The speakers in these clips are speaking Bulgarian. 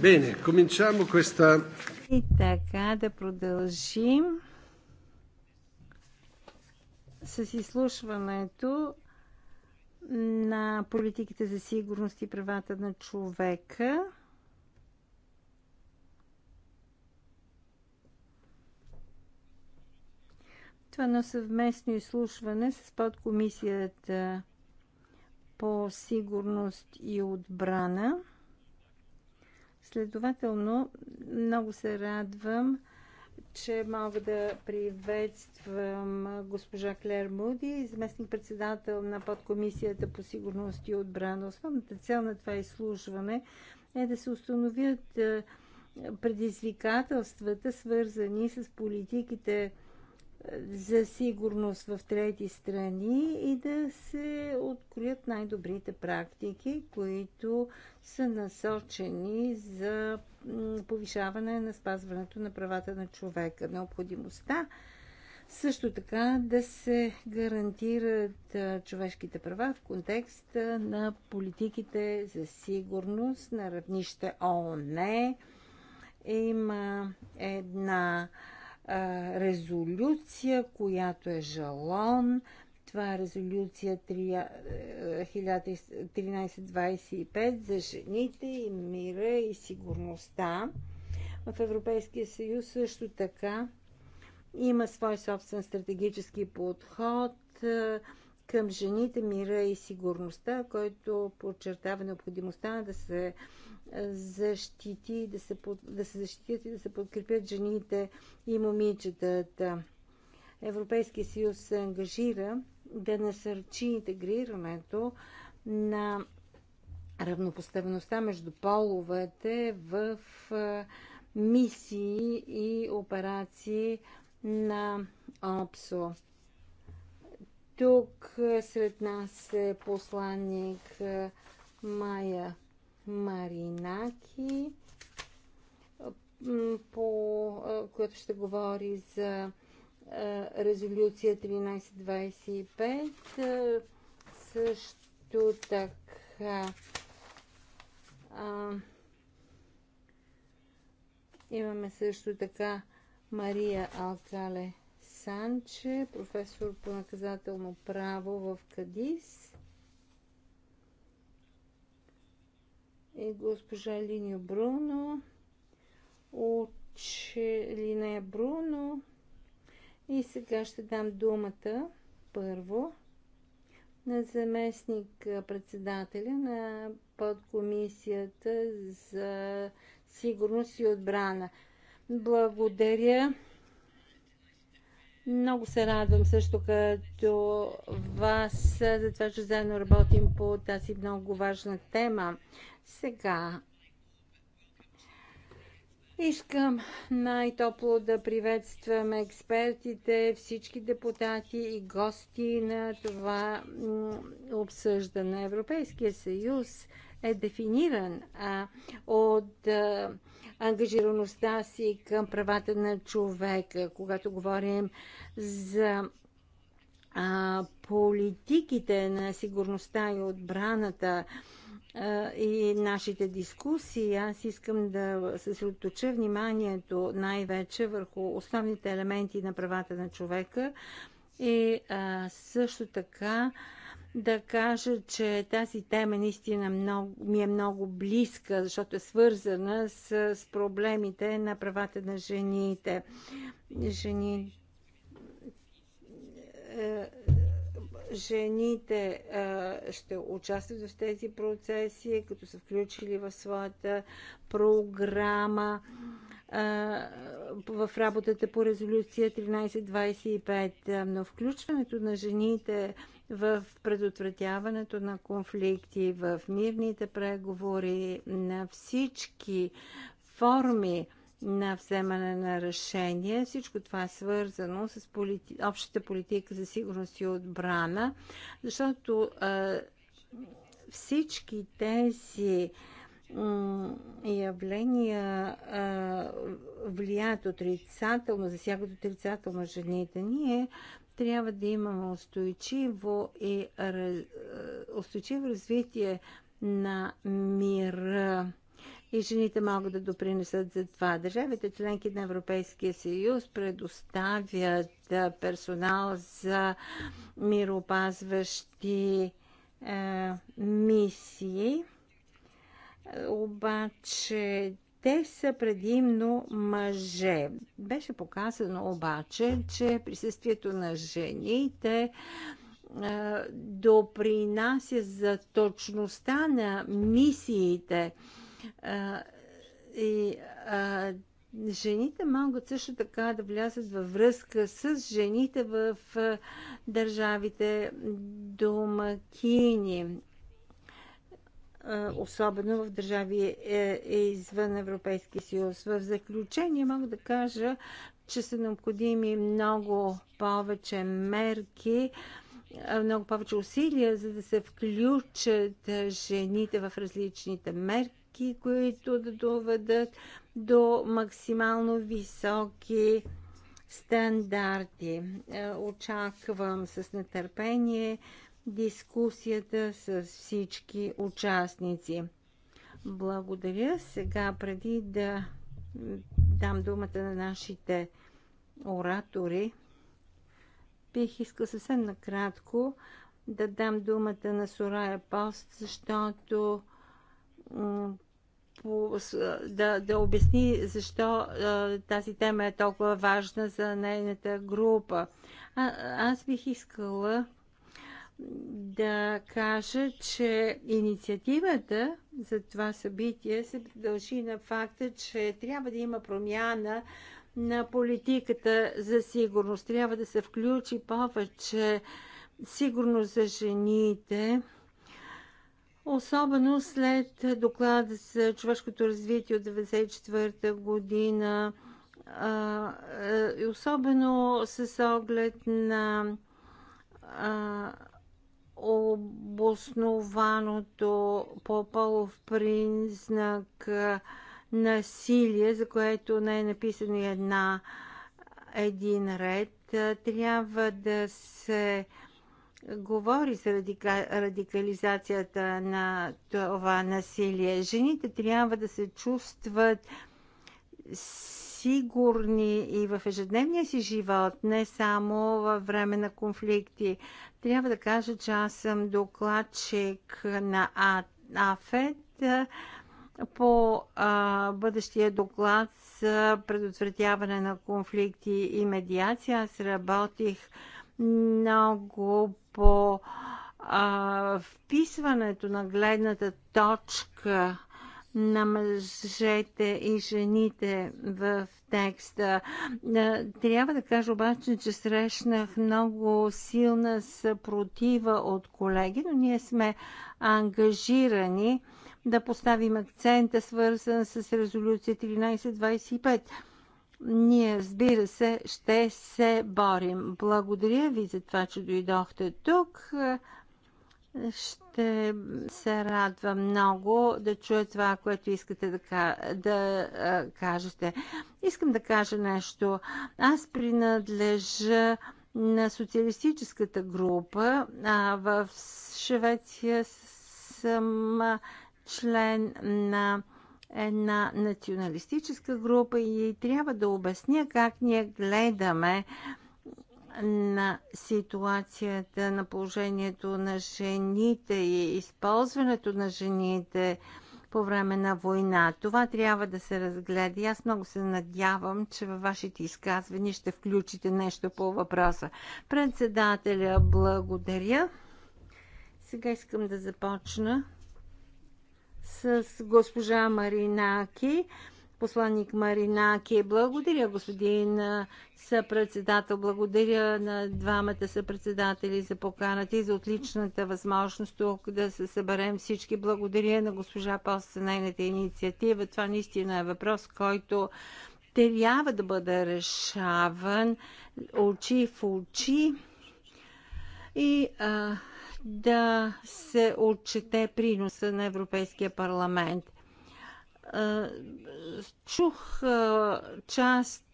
Bene, cominciamo questa... И така да продължим с изслушването на политиките за сигурност и правата на човека. Това е на съвместно изслушване с подкомисията по сигурност и отбрана. Следователно, много се радвам, че мога да приветствам госпожа Клер Муди, заместник председател на подкомисията по сигурност и отбрана. Основната цел на това изслужване е да се установят е, предизвикателствата, свързани с политиките за сигурност в трети страни и да се откроят най-добрите практики, които са насочени за повишаване на спазването на правата на човека. Необходимостта също така да се гарантират човешките права в контекста на политиките за сигурност на равнище ООН. Има една резолюция, която е жалон. Това е резолюция 1325 за жените и мира и сигурността. В Европейския съюз също така има свой собствен стратегически подход към жените, мира и сигурността, който подчертава необходимостта да се е, защити, да се, да се защитят и да се подкрепят жените и момичетата. Европейския съюз се ангажира да насърчи интегрирането на равнопоставеността между половете в е, мисии и операции на ОПСО. Тук е, сред нас е посланник е, Майя Маринаки, по, е, която ще говори за резолюция 1325. Също така а, имаме също така Мария Алкале Санче, професор по наказателно право в Кадис и госпожа Линия Бруно от Линея Бруно. И сега ще дам думата първо на заместник председателя на подкомисията за сигурност и отбрана. Благодаря. Много се радвам също като вас за това, че заедно работим по тази много важна тема. Сега Искам най-топло да приветствам експертите, всички депутати и гости на това обсъждане. Европейския съюз е дефиниран а, от а, ангажираността си към правата на човека, когато говорим за а, политиките на сигурността и отбраната а, и нашите дискусии, аз искам да съсредоточа вниманието най-вече върху основните елементи на правата на човека и а, също така а, да кажа, че тази тема наистина много, ми е много близка, защото е свързана с, с проблемите на правата на жените. Жени... Е, жените е, ще участват в тези процеси, като са включили в своята програма е, в работата по резолюция 1325, но включването на жените в предотвратяването на конфликти, в мирните преговори, на всички форми на вземане на решение. Всичко това е свързано с полити... общата политика за сигурност и отбрана, защото а, всички тези явления а, влияят отрицателно, засягат отрицателно жените. Ние трябва да имаме устойчиво и е, устойчиво развитие на мира и жените могат да допринесат за това. Държавите членки на Европейския съюз предоставят е, персонал за мироопазващи е, мисии, обаче те са предимно мъже. Беше показано обаче, че присъствието на жените допринася за точността на мисиите. И жените могат също така да влязат във връзка с жените в държавите домакини особено в държави е, е, извън Европейския съюз. В заключение мога да кажа, че са необходими много повече мерки, много повече усилия, за да се включат жените в различните мерки, които да доведат до максимално високи стандарти. Е, очаквам с нетърпение дискусията с всички участници. Благодаря. Сега, преди да дам думата на нашите оратори, бих искал съвсем накратко да дам думата на Сорая Пост, защото да, да обясни защо тази тема е толкова важна за нейната група. А, аз бих искала да кажа, че инициативата за това събитие се дължи на факта, че трябва да има промяна на политиката за сигурност. Трябва да се включи повече сигурност за жените, особено след доклада за човешкото развитие от 1994 година, особено с оглед на обоснованото по полов признак насилие, за което не е написано една, един ред, трябва да се говори за радика, радикализацията на това насилие. Жените трябва да се чувстват сигурни и в ежедневния си живот, не само във време на конфликти. Трябва да кажа, че аз съм докладчик на АФЕД по а, бъдещия доклад за предотвратяване на конфликти и медиация. Аз работих много по а, вписването на гледната точка на мъжете и жените в текста. Трябва да кажа обаче, че срещнах много силна съпротива от колеги, но ние сме ангажирани да поставим акцента, свързан с резолюция 1325. Ние, разбира се, ще се борим. Благодаря ви за това, че дойдохте тук. Ще се радвам много да чуя това, което искате да, да а, кажете. Искам да кажа нещо. Аз принадлежа на социалистическата група, а в Швеция съм член на една националистическа група и трябва да обясня как ние гледаме на ситуацията, на положението на жените и използването на жените по време на война. Това трябва да се разгледа и аз много се надявам, че във вашите изказвания ще включите нещо по въпроса. Председателя, благодаря. Сега искам да започна с госпожа Маринаки посланник Маринаки. Благодаря, господин съпредседател. Благодаря на двамата съпредседатели за поканата и за отличната възможност тук да се съберем всички. Благодаря на госпожа Пост за нейната инициатива. Това наистина е въпрос, който трябва да бъде решаван очи в очи и а, да се отчете приноса на Европейския парламент. Чух част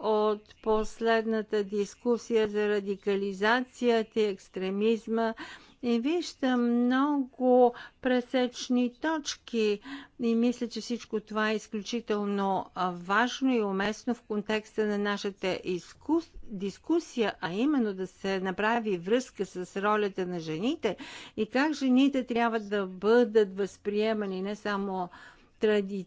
от последната дискусия за радикализацията и екстремизма и виждам много пресечни точки и мисля, че всичко това е изключително важно и уместно в контекста на нашата изкус... дискусия, а именно да се направи връзка с ролята на жените и как жените трябва да бъдат възприемани не само тради,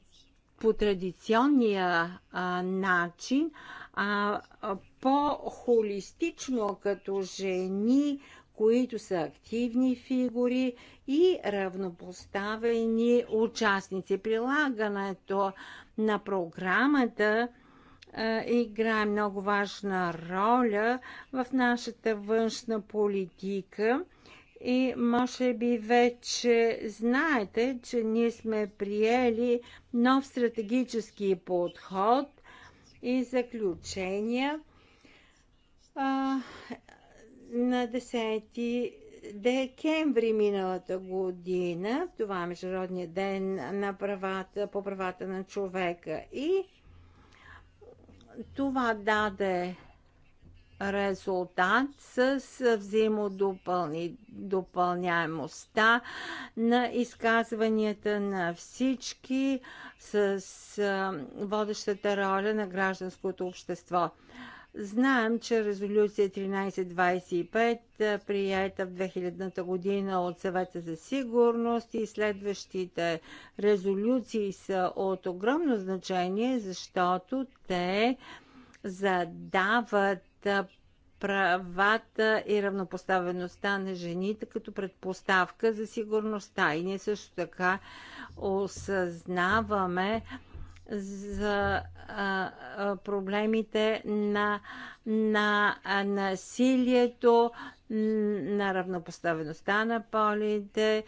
по традиционния а, начин, а, а по-холистично като жени, които са активни фигури и равнопоставени участници. Прилагането на програмата играе много важна роля в нашата външна политика и може би вече знаете, че ние сме приели нов стратегически подход и заключения а, на 10 декември миналата година. Това е Международния ден на правата, по правата на човека. И това даде резултат с взаимодопълняемостта на изказванията на всички с водещата роля на гражданското общество. Знаем, че резолюция 1325, приета в 2000 година от съвета за сигурност и следващите резолюции са от огромно значение, защото те задават правата и равнопоставеността на жените като предпоставка за сигурността. И ние също така осъзнаваме за а, а, проблемите на, на а, насилието, на равнопоставеността на полите,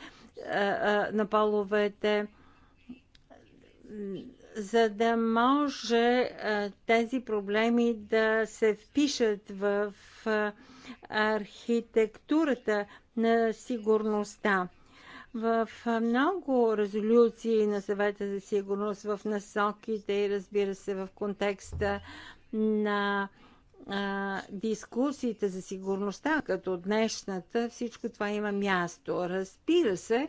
а, а, на половете за да може тези проблеми да се впишат в архитектурата на сигурността. В много резолюции на съвета за сигурност, в насоките и разбира се в контекста на дискусиите за сигурността, като днешната, всичко това има място. Разбира се,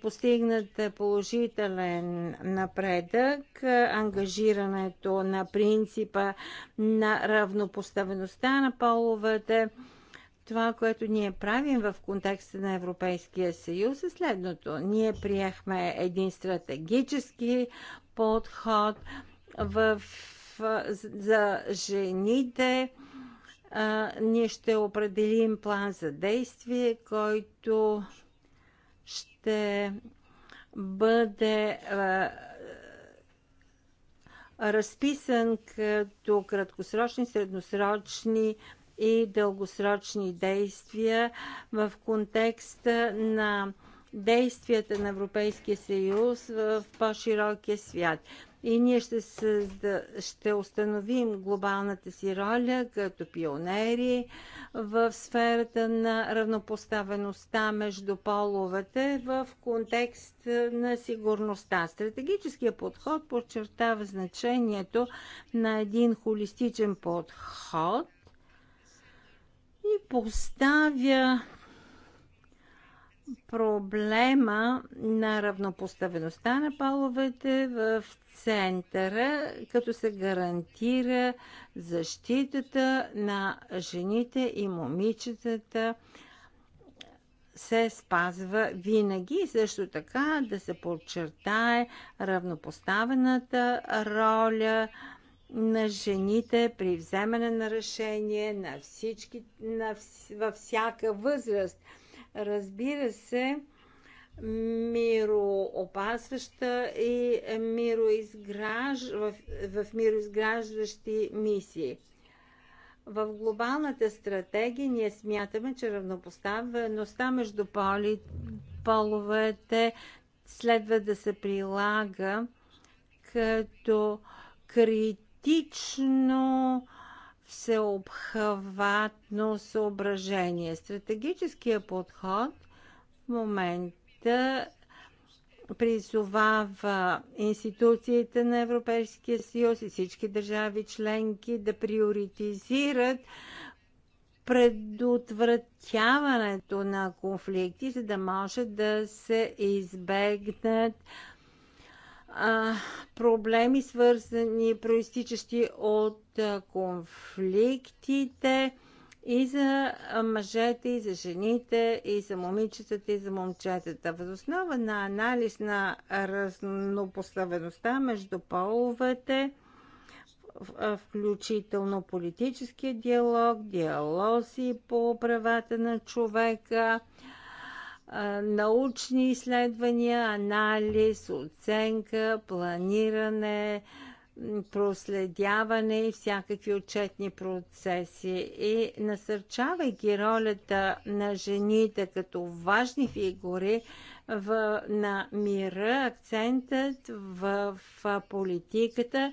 постигнат положителен напредък, ангажирането на принципа на равнопоставеността на половете. Това, което ние правим в контекста на Европейския съюз е следното. Ние приехме един стратегически подход в, за жените, а, ние ще определим план за действие, който ще бъде а, разписан като краткосрочни, средносрочни и дългосрочни действия в контекста на действията на Европейския съюз в по-широкия свят и ние ще, създа, ще установим глобалната си роля като пионери в сферата на равнопоставеността между половете в контекст на сигурността. Стратегическия подход подчертава значението на един холистичен подход и поставя проблема на равнопоставеността на половете в центъра, като се гарантира защитата на жените и момичетата се спазва винаги и също така да се подчертае равнопоставената роля на жените при вземане на решение на всички, на, във всяка възраст – разбира се, мироопасваща и мироизграж... в, в мироизграждащи мисии. В глобалната стратегия ние смятаме, че равнопоставеността между поли, половете следва да се прилага като критично всеобхватно съображение. Стратегическия подход в момента призовава институциите на Европейския съюз и всички държави членки да приоритизират предотвратяването на конфликти, за да може да се избегнат проблеми, свързани, проистичащи от конфликтите и за мъжете, и за жените, и за момичетата, и за момчетата. Възоснова на анализ на разнопоставеността между половете, включително политическия диалог, диалози по правата на човека, научни изследвания, анализ, оценка, планиране, проследяване и всякакви отчетни процеси. И насърчавайки ролята на жените като важни фигури в, на мира, акцентът в, в политиката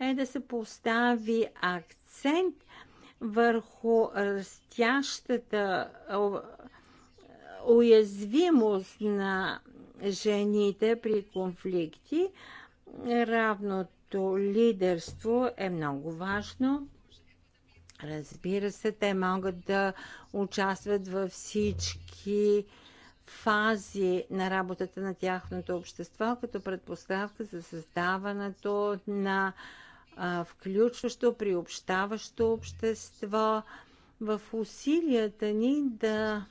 е да се постави акцент върху растящата уязвимост на жените при конфликти. Равното лидерство е много важно. Разбира се, те могат да участват във всички фази на работата на тяхното общество като предпоставка за създаването на а, включващо, приобщаващо общество в усилията ни да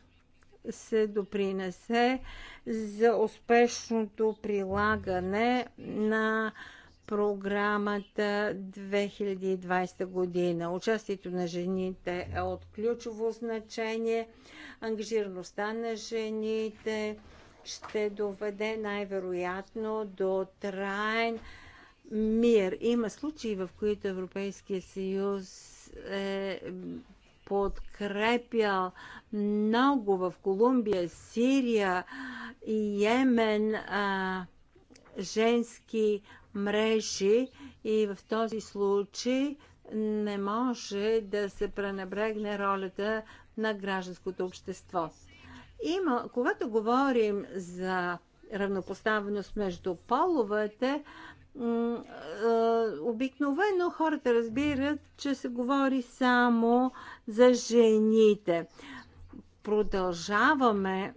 се допринесе за успешното прилагане на програмата 2020 година. Участието на жените е от ключово значение. Ангажираността на жените ще доведе най-вероятно до траен мир. Има случаи, в които Европейския съюз е подкрепя много в Колумбия, Сирия и Йемен а, женски мрежи и в този случай не може да се пренебрегне ролята на гражданското общество. Има, когато говорим за равнопоставеност между половете, обикновено хората разбират, че се говори само за жените. Продължаваме.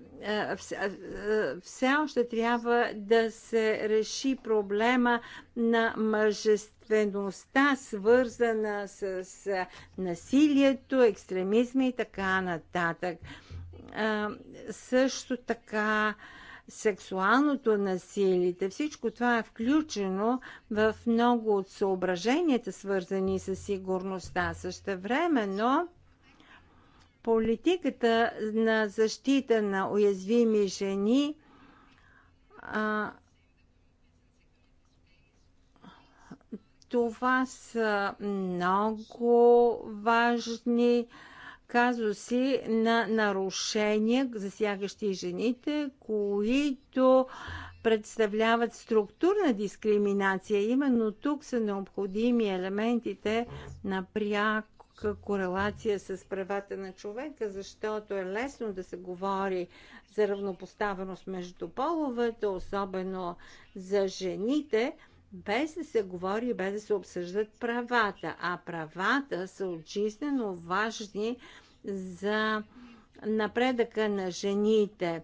Все още трябва да се реши проблема на мъжествеността, свързана с насилието, екстремизма и така нататък. Също така, сексуалното насилие, всичко това е включено в много от съображенията, свързани с сигурността. Също време, но политиката на защита на уязвими жени а, това са много важни а, казуси на нарушения, засягащи жените, които представляват структурна дискриминация. Именно тук са необходими елементите на пряк корелация с правата на човека, защото е лесно да се говори за равнопоставеност между половете, особено за жените – без да се говори, без да се обсъждат правата. А правата са отчислено важни за напредъка на жените.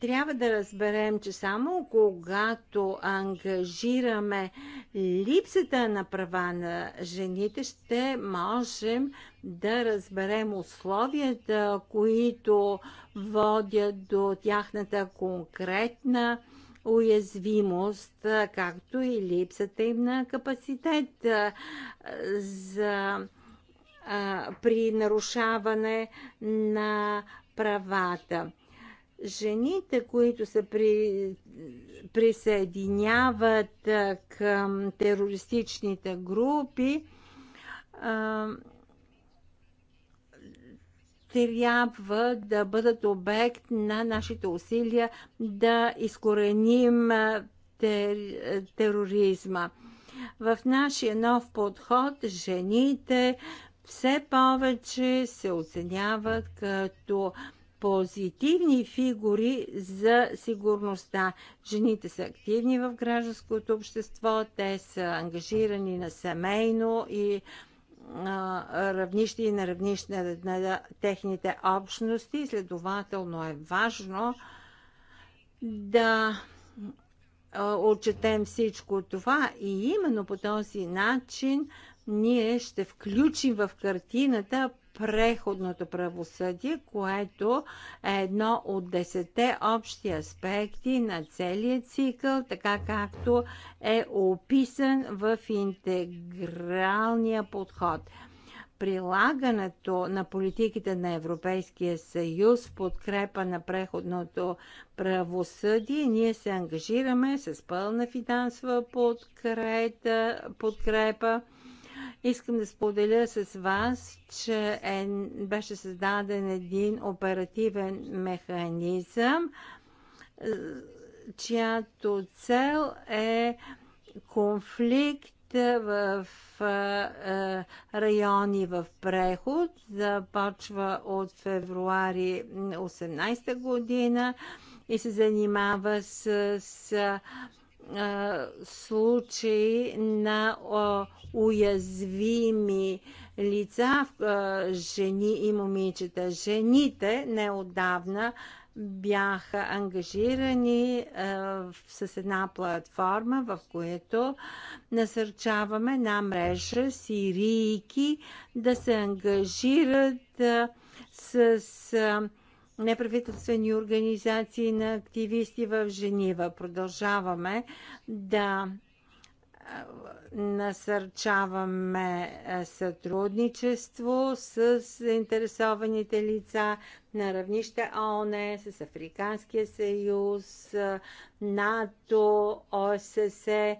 Трябва да разберем, че само когато ангажираме липсата на права на жените, ще можем да разберем условията, които водят до тяхната конкретна уязвимост, както и липсата им на капацитет за при нарушаване на правата. Жените, които се при, присъединяват към терористичните групи, трябва да бъдат обект на нашите усилия да изкореним тер, тероризма. В нашия нов подход жените все повече се оценяват като позитивни фигури за сигурността. Жените са активни в гражданското общество, те са ангажирани на семейно и равнище и на равнище на техните общности. Следователно е важно да отчетем всичко това и именно по този начин ние ще включим в картината преходното правосъдие, което е едно от десете общи аспекти на целия цикъл, така както е описан в интегралния подход прилагането на политиките на Европейския съюз в подкрепа на преходното правосъдие, ние се ангажираме с пълна финансова подкрепа, Искам да споделя с вас, че е, беше създаден един оперативен механизъм, чиято цел е конфликт в е, е, райони в преход. Започва от февруари 18 година и се занимава с, с случаи на уязвими лица, жени и момичета. Жените неодавна бяха ангажирани а, с една платформа, в която насърчаваме на мрежа сирийки да се ангажират а, с. А, неправителствени организации на активисти в Женива. Продължаваме да насърчаваме сътрудничество с заинтересованите лица на равнище ООН, с Африканския съюз, НАТО, ОССЕ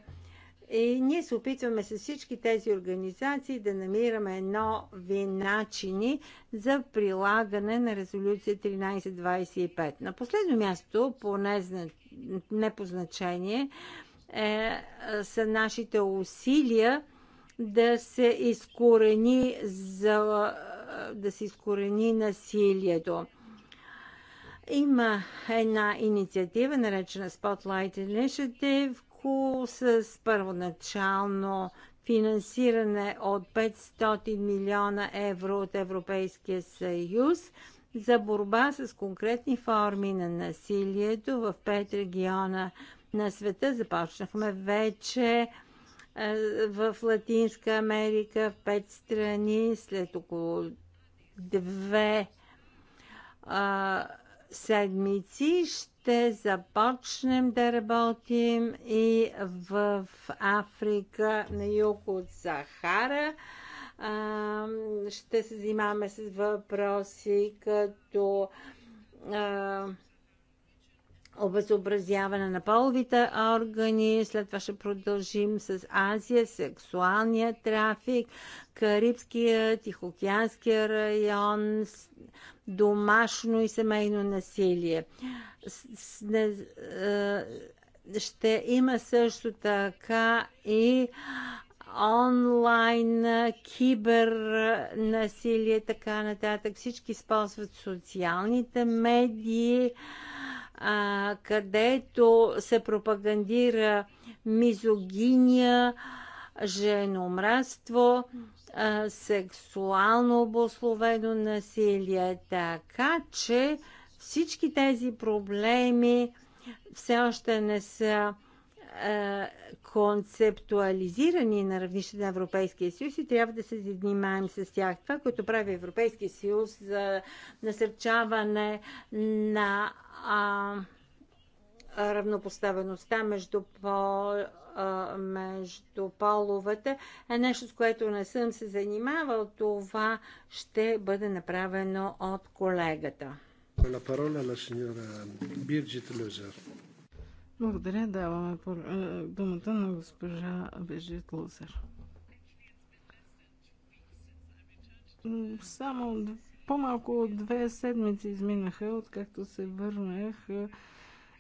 и ние се опитваме с всички тези организации да намираме нови начини за прилагане на резолюция 1325. На последно място, по непозначение, е, са нашите усилия да се изкорени, за, да се изкорени насилието. Има една инициатива, наречена Spotlight Initiative, ако с първоначално финансиране от 500 милиона евро от Европейския съюз за борба с конкретни форми на насилието в пет региона на света. Започнахме вече е, в Латинска Америка, в пет страни, след около две а, седмици ще започнем да работим и в Африка на юг от Сахара. Ще се занимаваме с въпроси като обезобразяване на половите органи, след това ще продължим с Азия, сексуалния трафик, Карибския, Тихоокеанския район, домашно и семейно насилие. Е, ще има също така и онлайн, кибер насилие, така нататък. Всички използват социалните медии а, където се пропагандира мизогиния, женомраство, а, сексуално обословено насилие. Така че всички тези проблеми все още не са концептуализирани на равнище на Европейския съюз и трябва да се занимаем с тях. Това, което прави Европейския съюз за насърчаване на а, равнопоставеността между, по между половете е нещо, с което не съм се занимавал. Това ще бъде направено от колегата. La parola alla signora Birgit Löser. Благодаря. Даваме думата на госпожа Бежит Лусер. Само по-малко от две седмици изминаха, откакто се върнах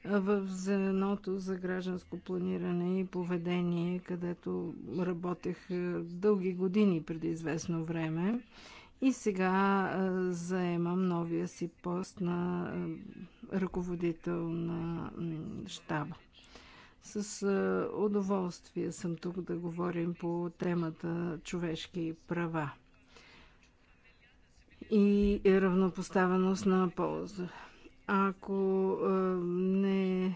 в зеното за гражданско планиране и поведение, където работех дълги години преди известно време и сега заемам новия си пост на ръководител на щаба. С удоволствие съм тук да говорим по темата човешки права и равнопоставеност на полза. Ако не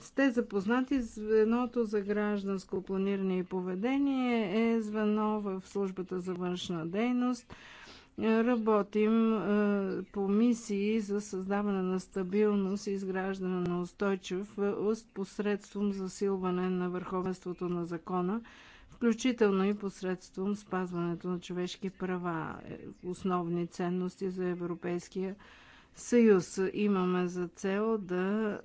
сте запознати, звеното за гражданско планиране и поведение е звено в службата за външна дейност – Работим е, по мисии за създаване на стабилност и изграждане на устойчив е, уст посредством засилване на върховенството на закона, включително и посредством спазването на човешки права, е, основни ценности за Европейския съюз. Имаме за цел да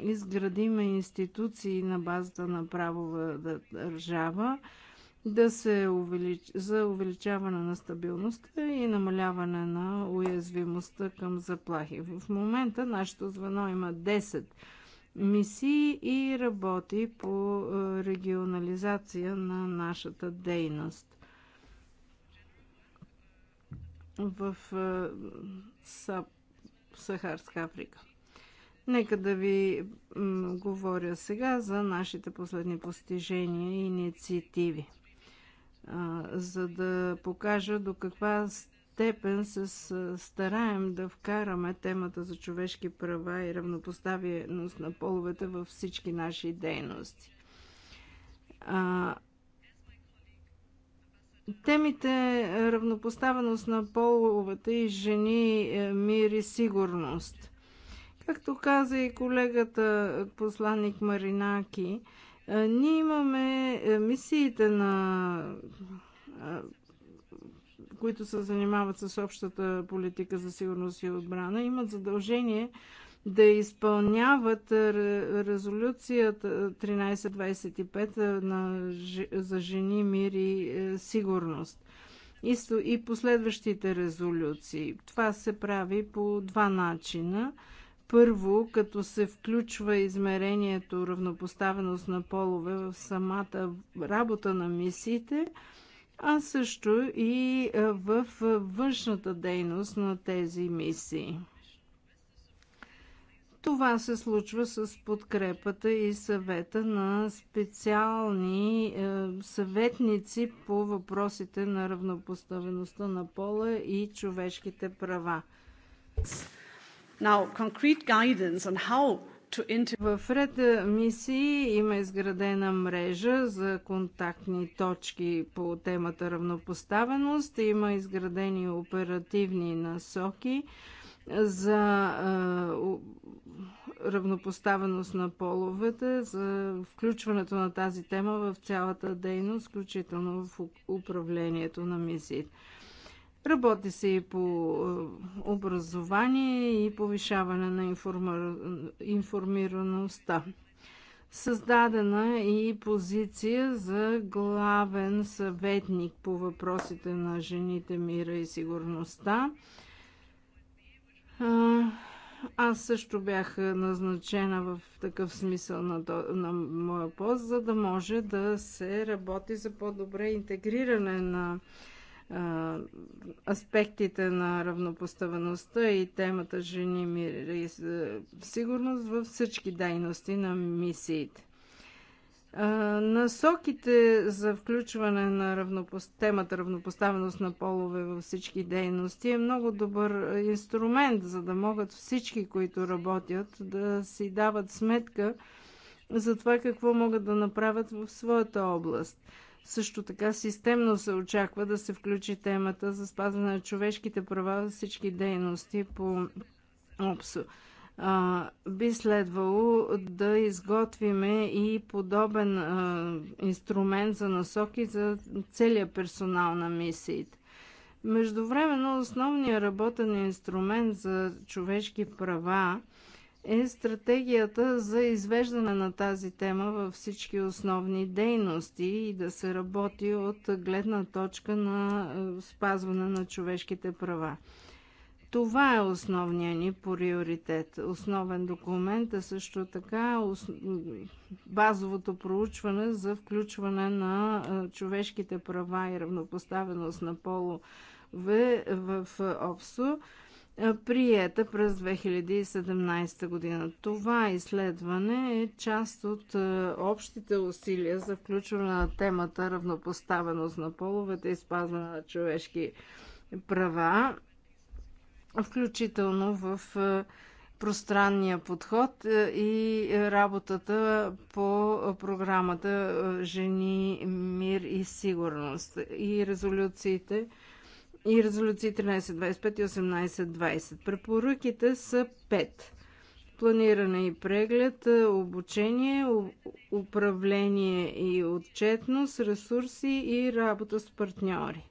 изградиме институции на базата на правова държава, да се увелич... за увеличаване на стабилността и намаляване на уязвимостта към заплахи. В момента нашето звено има 10 мисии и работи по е, регионализация на нашата дейност. В е, Сахарска Африка. Нека да ви говоря сега за нашите последни постижения и инициативи за да покажа до каква степен се стараем да вкараме темата за човешки права и равнопоставеност на половете във всички наши дейности. Темите е, равнопоставеност на половете и жени, е, мир и сигурност. Както каза и колегата е, посланник Маринаки, ние имаме е, мисиите на които се занимават с общата политика за сигурност и отбрана, имат задължение да изпълняват е, резолюцията 1325 е, на, за жени, мир и сигурност и последващите резолюции. Това се прави по два начина – първо, като се включва измерението равнопоставеност на полове в самата работа на мисиите, а също и в външната дейност на тези мисии. Това се случва с подкрепата и съвета на специални е, съветници по въпросите на равнопоставеността на пола и човешките права. Now, concrete guidance on how в ред мисии има изградена мрежа за контактни точки по темата равнопоставеност, има изградени оперативни насоки за е, равнопоставеност на половете, за включването на тази тема в цялата дейност, включително в управлението на мисиите. Работи се и по е, образование и повишаване на информираността. Създадена е и позиция за главен съветник по въпросите на жените, мира и сигурността. Аз също бях назначена в такъв смисъл на, на моя пост, за да може да се работи за по-добре интегриране на аспектите на равнопоставеността и темата жени, мир и сигурност във всички дейности на мисиите. Насоките за включване на равнопост... темата равнопоставеност на полове във всички дейности е много добър инструмент, за да могат всички, които работят, да си дават сметка за това какво могат да направят в своята област. Също така системно се очаква да се включи темата за спазване на човешките права за всички дейности по ОПСО. А, би следвало да изготвиме и подобен а, инструмент за насоки за целия персонал на мисиите. Междувременно основният работен инструмент за човешки права е стратегията за извеждане на тази тема във всички основни дейности и да се работи от гледна точка на е, спазване на човешките права. Това е основният ни приоритет. Основен документ е също така базовото проучване за включване на е, човешките права и равнопоставеност на полове в ОПСО. Е, е, приета през 2017 година. Това изследване е част от е, общите усилия за включване на темата равнопоставеност на половете и спазване на човешки права, включително в е, пространния подход и работата по програмата Жени, мир и сигурност и резолюциите и резолюции 1325 и 1820. Препоръките са 5. Планиране и преглед, е, обучение, управление и отчетност, ресурси и работа с партньори.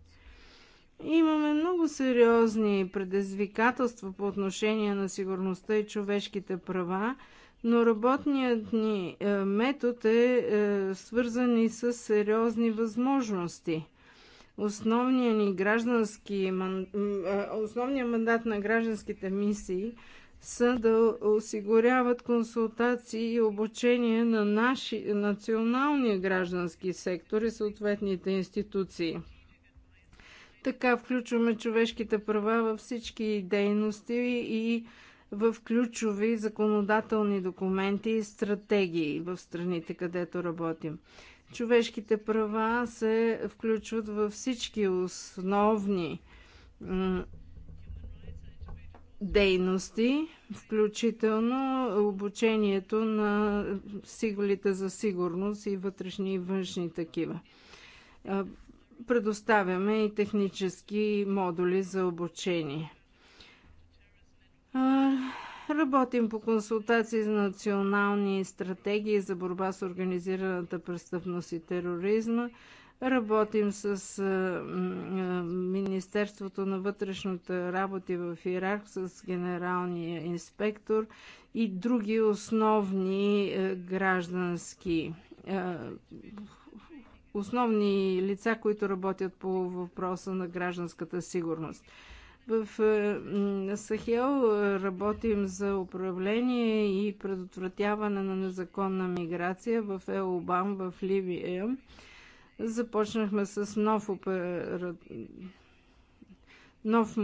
Имаме много сериозни предизвикателства по отношение на сигурността и човешките права, но работният ни е, метод е, е свързан и с сериозни възможности – основният ни граждански, основния мандат на гражданските мисии са да осигуряват консултации и обучение на наши националния граждански сектор и съответните институции. Така включваме човешките права във всички дейности и в ключови законодателни документи и стратегии в страните, където работим човешките права се включват във всички основни дейности, включително обучението на сигурите за сигурност и вътрешни и външни такива. Предоставяме и технически модули за обучение. Работим по консултации за национални стратегии за борба с организираната престъпност и тероризма. Работим с Министерството на вътрешната работи в Ирак, с генералния инспектор и други основни граждански основни лица, които работят по въпроса на гражданската сигурност. В е, Сахел е, работим за управление и предотвратяване на незаконна миграция в Елобам в Ливия. Започнахме с нов, опера... нов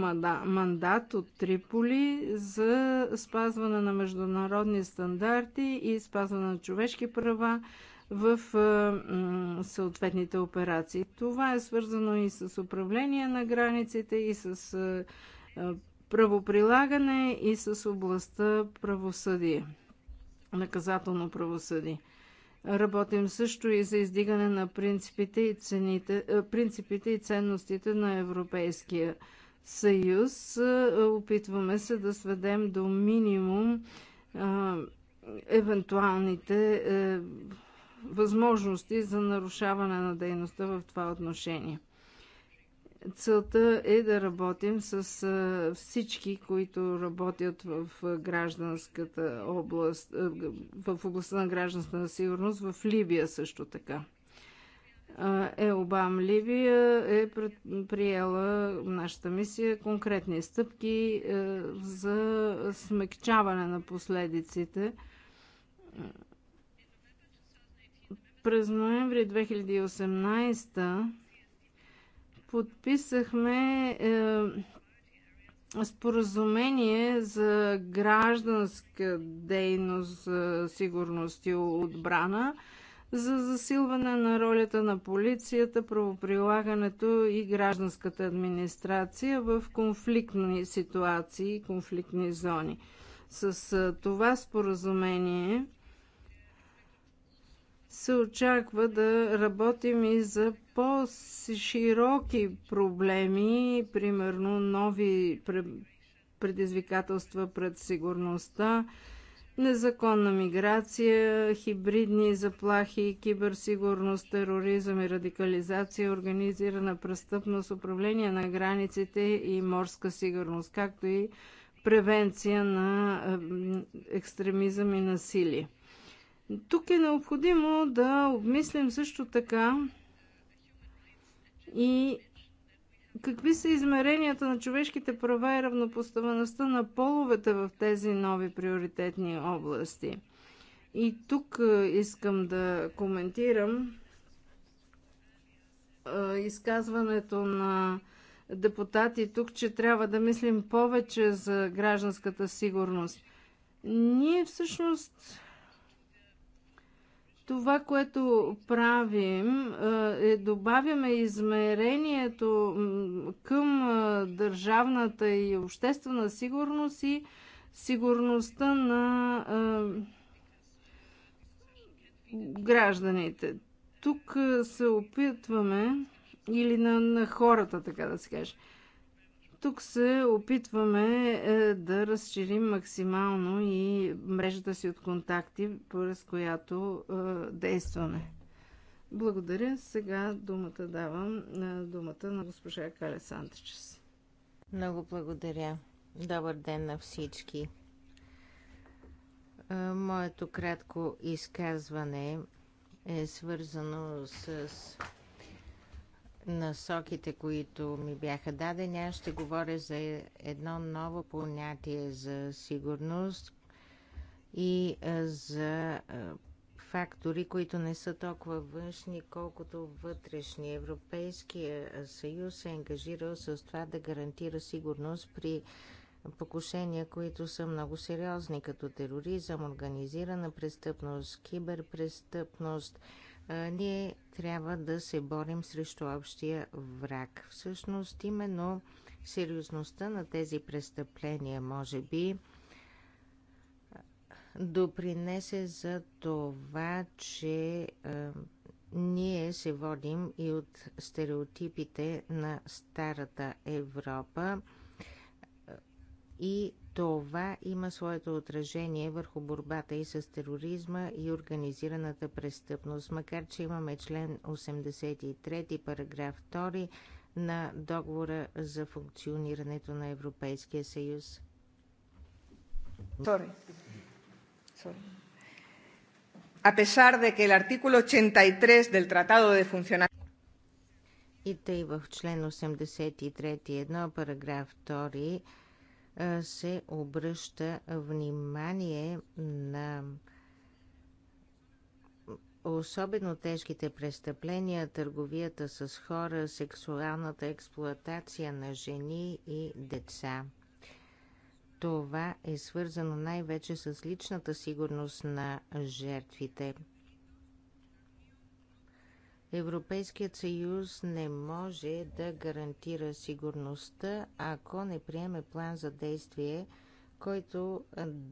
мандат от Триполи за спазване на международни стандарти и спазване на човешки права в съответните операции. Това е свързано и с управление на границите, и с правоприлагане, и с областта правосъдие, наказателно правосъдие. Работим също и за издигане на принципите и, цените, принципите и ценностите на Европейския съюз. Опитваме се да сведем до минимум евентуалните е, възможности за нарушаване на дейността в това отношение. Целта е да работим с всички, които работят в гражданската област, в областта на гражданската сигурност, в Либия също така. Елбам Ливия е, е приела нашата мисия конкретни стъпки за смекчаване на последиците през ноември 2018 подписахме е, споразумение за гражданска дейност, за сигурност и отбрана за засилване на ролята на полицията, правоприлагането и гражданската администрация в конфликтни ситуации и конфликтни зони. С е, това споразумение се очаква да работим и за по-широки проблеми, примерно нови предизвикателства пред сигурността, незаконна миграция, хибридни заплахи, киберсигурност, тероризъм и радикализация, организирана престъпност, управление на границите и морска сигурност, както и превенция на екстремизъм и насилие. Тук е необходимо да обмислим също така и какви са измеренията на човешките права и равнопоставеността на половете в тези нови приоритетни области. И тук е, искам да коментирам е, изказването на депутати тук, че трябва да мислим повече за гражданската сигурност. Ние всъщност това, което правим, е, е добавяме измерението към държавната и обществена сигурност и сигурността на гражданите. Тук се опитваме или на, на хората, така да се каже. Тук се опитваме е, да разширим максимално и мрежата си от контакти, през която е, действаме. Благодаря. Сега думата давам на е, думата на госпожа Кале Сантичес. Много благодаря. Добър ден на всички. Моето кратко изказване е свързано с насоките, които ми бяха дадени, аз ще говоря за едно ново понятие за сигурност и за фактори, които не са толкова външни, колкото вътрешни. Европейския съюз се е ангажирал с това да гарантира сигурност при покушения, които са много сериозни, като тероризъм, организирана престъпност, киберпрестъпност – ние трябва да се борим срещу общия враг. Всъщност, именно сериозността на тези престъпления, може би, допринесе за това, че е, ние се водим и от стереотипите на старата Европа и това има своето отражение върху борбата и с тероризма и организираната престъпност, макар че имаме член 83, параграф 2 на договора за функционирането на Европейския съюз. Sorry. Sorry. A pesar de que el artículo 83 del Tratado de Funcionamiento и тъй в член 83.1, параграф 2 се обръща внимание на особено тежките престъпления, търговията с хора, сексуалната експлоатация на жени и деца. Това е свързано най-вече с личната сигурност на жертвите – Европейският съюз не може да гарантира сигурността, ако не приеме план за действие, който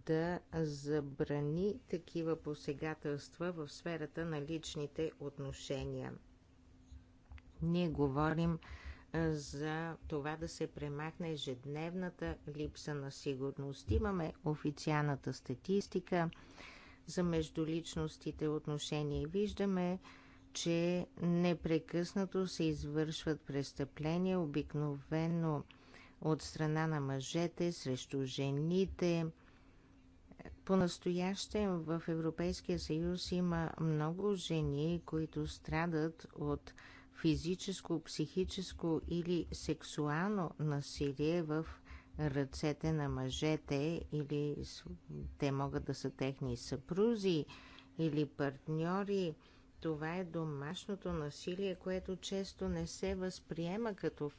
да забрани такива посегателства в сферата на личните отношения. Ние говорим за това да се премахне ежедневната липса на сигурност. Имаме официалната статистика за междуличностите отношения и виждаме, че непрекъснато се извършват престъпления, обикновено от страна на мъжете срещу жените. по в Европейския съюз има много жени, които страдат от физическо, психическо или сексуално насилие в ръцете на мъжете или те могат да са техни съпрузи или партньори. Това е домашното насилие, което често не се възприема като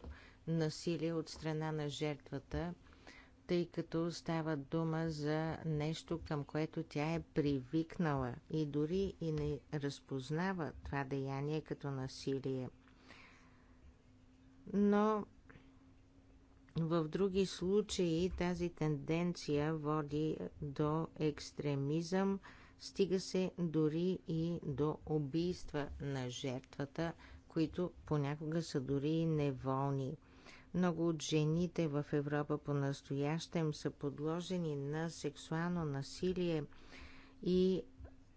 насилие от страна на жертвата, тъй като става дума за нещо, към което тя е привикнала и дори и не разпознава това деяние като насилие. Но в други случаи тази тенденция води до екстремизъм – Стига се дори и до убийства на жертвата, които понякога са дори и неволни. Много от жените в Европа по-настоящем са подложени на сексуално насилие и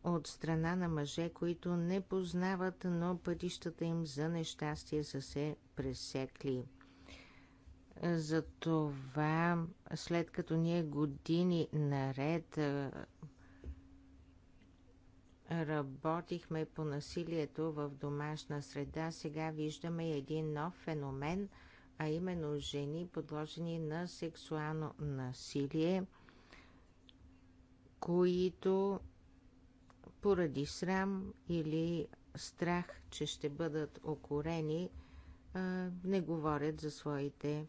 от страна на мъже, които не познават, но пътищата им за нещастие са се пресекли. Затова, след като ние години наред работихме по насилието в домашна среда, сега виждаме един нов феномен, а именно жени подложени на сексуално насилие, които поради срам или страх, че ще бъдат окорени, не говорят за своите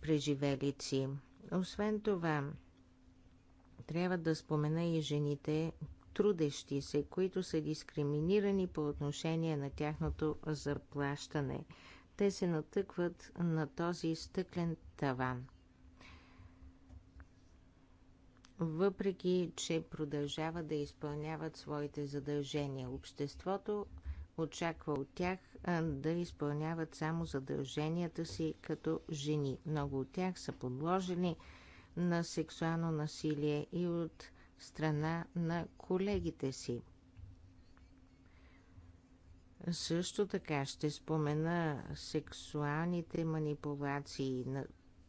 преживелици. Освен това, трябва да спомена и жените, трудещи се, които са дискриминирани по отношение на тяхното заплащане. Те се натъкват на този стъклен таван. Въпреки, че продължават да изпълняват своите задължения, обществото очаква от тях да изпълняват само задълженията си като жени. Много от тях са подложени на сексуално насилие и от страна на колегите си. Също така ще спомена сексуалните манипулации,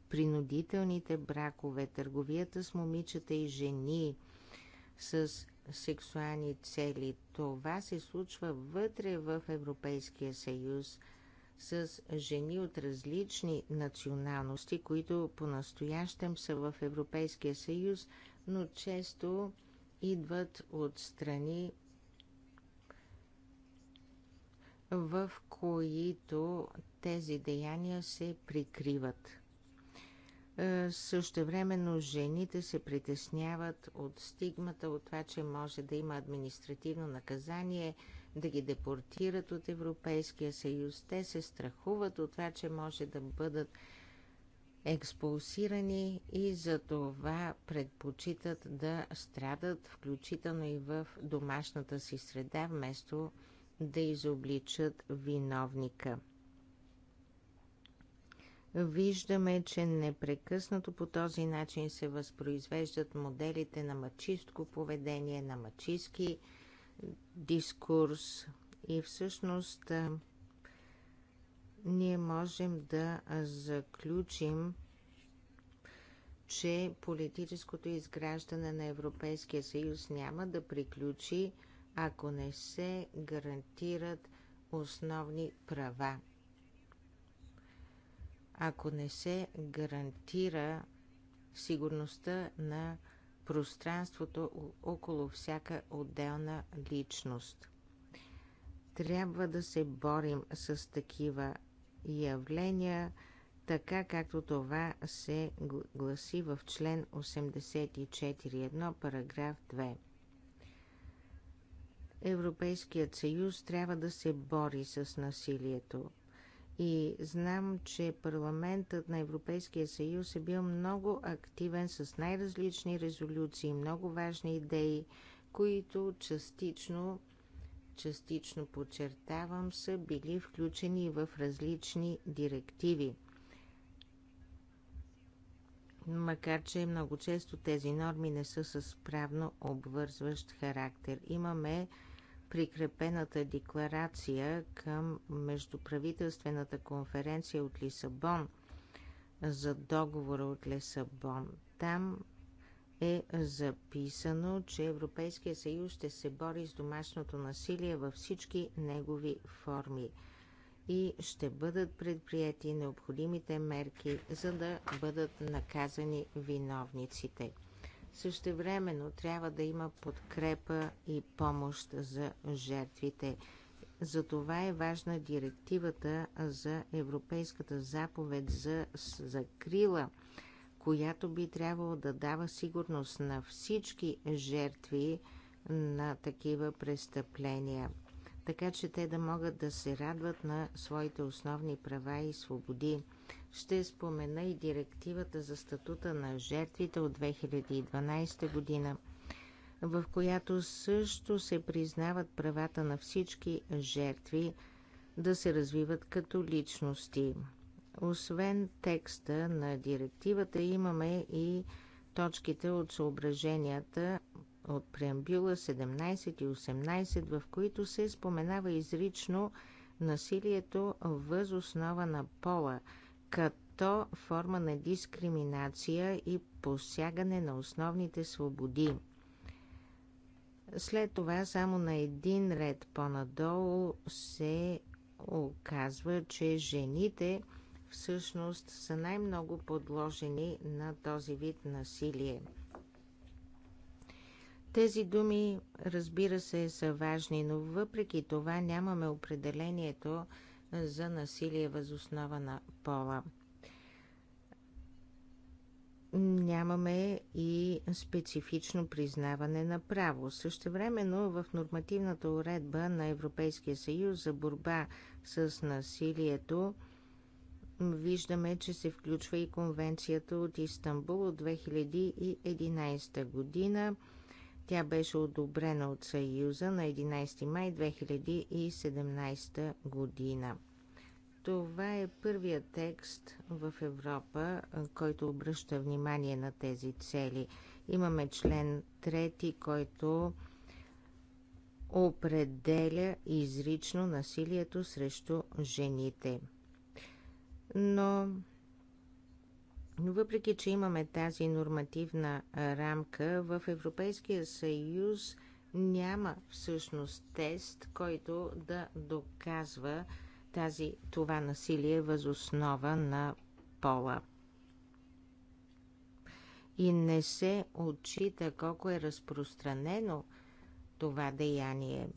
принудителните бракове, търговията с момичета и жени с сексуални цели. Това се случва вътре в Европейския съюз с жени от различни националности, които по-настоящем са в Европейския съюз, но често идват от страни, в които тези деяния се прикриват. Е, същевременно жените се притесняват от стигмата, от това, че може да има административно наказание, да ги депортират от Европейския съюз. Те се страхуват от това, че може да бъдат експулсирани и за това предпочитат да страдат, включително и в домашната си среда, вместо да изобличат виновника. Виждаме, че непрекъснато по този начин се възпроизвеждат моделите на мачистко поведение, на мачистки дискурс и всъщност ние можем да заключим, че политическото изграждане на Европейския съюз няма да приключи, ако не се гарантират основни права. Ако не се гарантира сигурността на пространството около всяка отделна личност. Трябва да се борим с такива явления, така както това се гласи в член 84.1, параграф 2. Европейският съюз трябва да се бори с насилието. И знам, че парламентът на Европейския съюз е бил много активен с най-различни резолюции, много важни идеи, които частично частично подчертавам, са били включени в различни директиви. Макар, че много често тези норми не са с правно обвързващ характер. Имаме прикрепената декларация към Междуправителствената конференция от Лисабон за договора от Лисабон. Там е записано, че Европейския съюз ще се бори с домашното насилие във всички негови форми и ще бъдат предприяти необходимите мерки, за да бъдат наказани виновниците. Същевременно трябва да има подкрепа и помощ за жертвите. Затова е важна директивата за Европейската заповед за закрила – която би трябвало да дава сигурност на всички жертви на такива престъпления, така че те да могат да се радват на своите основни права и свободи. Ще спомена и директивата за статута на жертвите от 2012 година, в която също се признават правата на всички жертви да се развиват като личности. Освен текста на директивата имаме и точките от съображенията от преамбюла 17 и 18, в които се споменава изрично насилието въз основа на пола като форма на дискриминация и посягане на основните свободи. След това само на един ред по-надолу се оказва, че жените – всъщност са най-много подложени на този вид насилие. Тези думи, разбира се, са важни, но въпреки това нямаме определението за насилие възоснова на пола. Нямаме и специфично признаване на право. Същевременно в нормативната уредба на Европейския съюз за борба с насилието – виждаме, че се включва и конвенцията от Истанбул от 2011 година. Тя беше одобрена от Съюза на 11 май 2017 година. Това е първият текст в Европа, който обръща внимание на тези цели. Имаме член 3, който определя изрично насилието срещу жените – но въпреки, че имаме тази нормативна рамка, в Европейския съюз няма всъщност тест, който да доказва тази, това насилие възоснова на пола. И не се отчита колко е разпространено това деяние.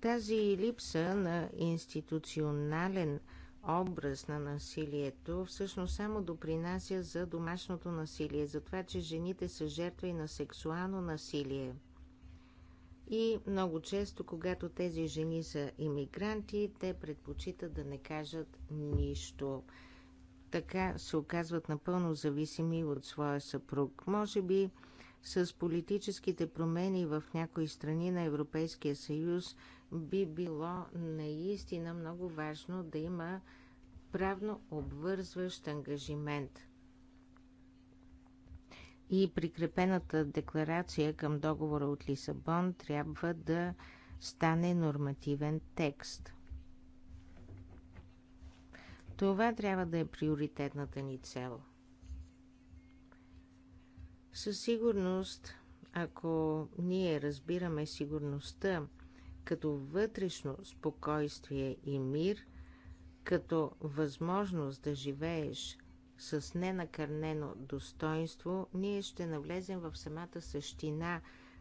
Тази липса на институционален образ на насилието всъщност само допринася за домашното насилие, за това, че жените са жертва и на сексуално насилие. И много често, когато тези жени са иммигранти, те предпочитат да не кажат нищо. Така се оказват напълно зависими от своя съпруг. Може би с политическите промени в някои страни на Европейския съюз – би било наистина много важно да има правно обвързващ ангажимент. И прикрепената декларация към договора от Лисабон трябва да стане нормативен текст. Това трябва да е приоритетната ни цел. Със сигурност, ако ние разбираме сигурността като вътрешно спокойствие и мир, като възможност да живееш с ненакърнено достоинство, ние ще навлезем в самата същина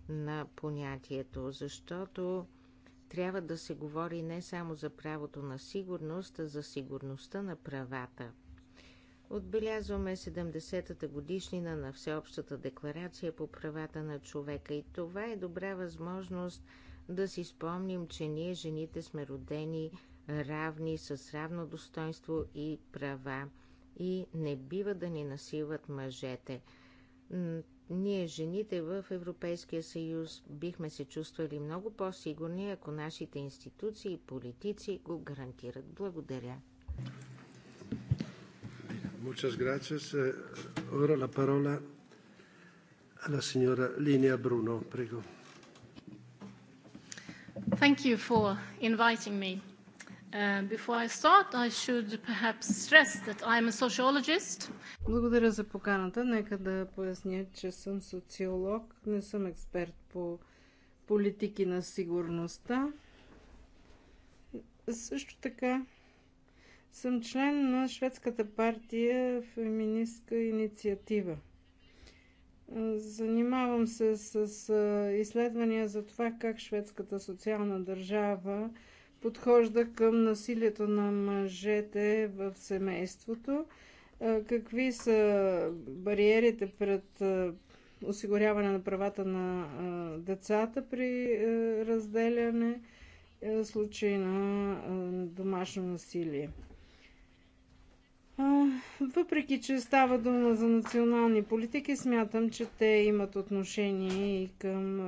на понятието, защото трябва да се говори не само за правото на сигурност, а за сигурността на правата. Отбелязваме 70-та годишнина на Всеобщата декларация по правата на човека и това е добра възможност – да си спомним, че ние жените сме родени равни, с равно достоинство и права и не бива да ни насилват мъжете. Ние, жените в Европейския съюз, бихме се чувствали много по-сигурни, ако нашите институции и политици го гарантират. Благодаря. Muchas gracias. Eh, Ora la parola alla signora Linea Bruno, prego. Thank you for inviting me. Uh, before I start, I should perhaps stress that I am a sociologist. Благодаря за поканата. Нека да поясня, че съм социолог, не съм експерт по политики на сигурността. Също така съм член на шведската партия Феминистка инициатива – Занимавам се с изследвания за това как шведската социална държава подхожда към насилието на мъжете в семейството. Какви са бариерите пред осигуряване на правата на децата при разделяне, случаи на домашно насилие? Въпреки, че става дума за национални политики, смятам, че те имат отношение и към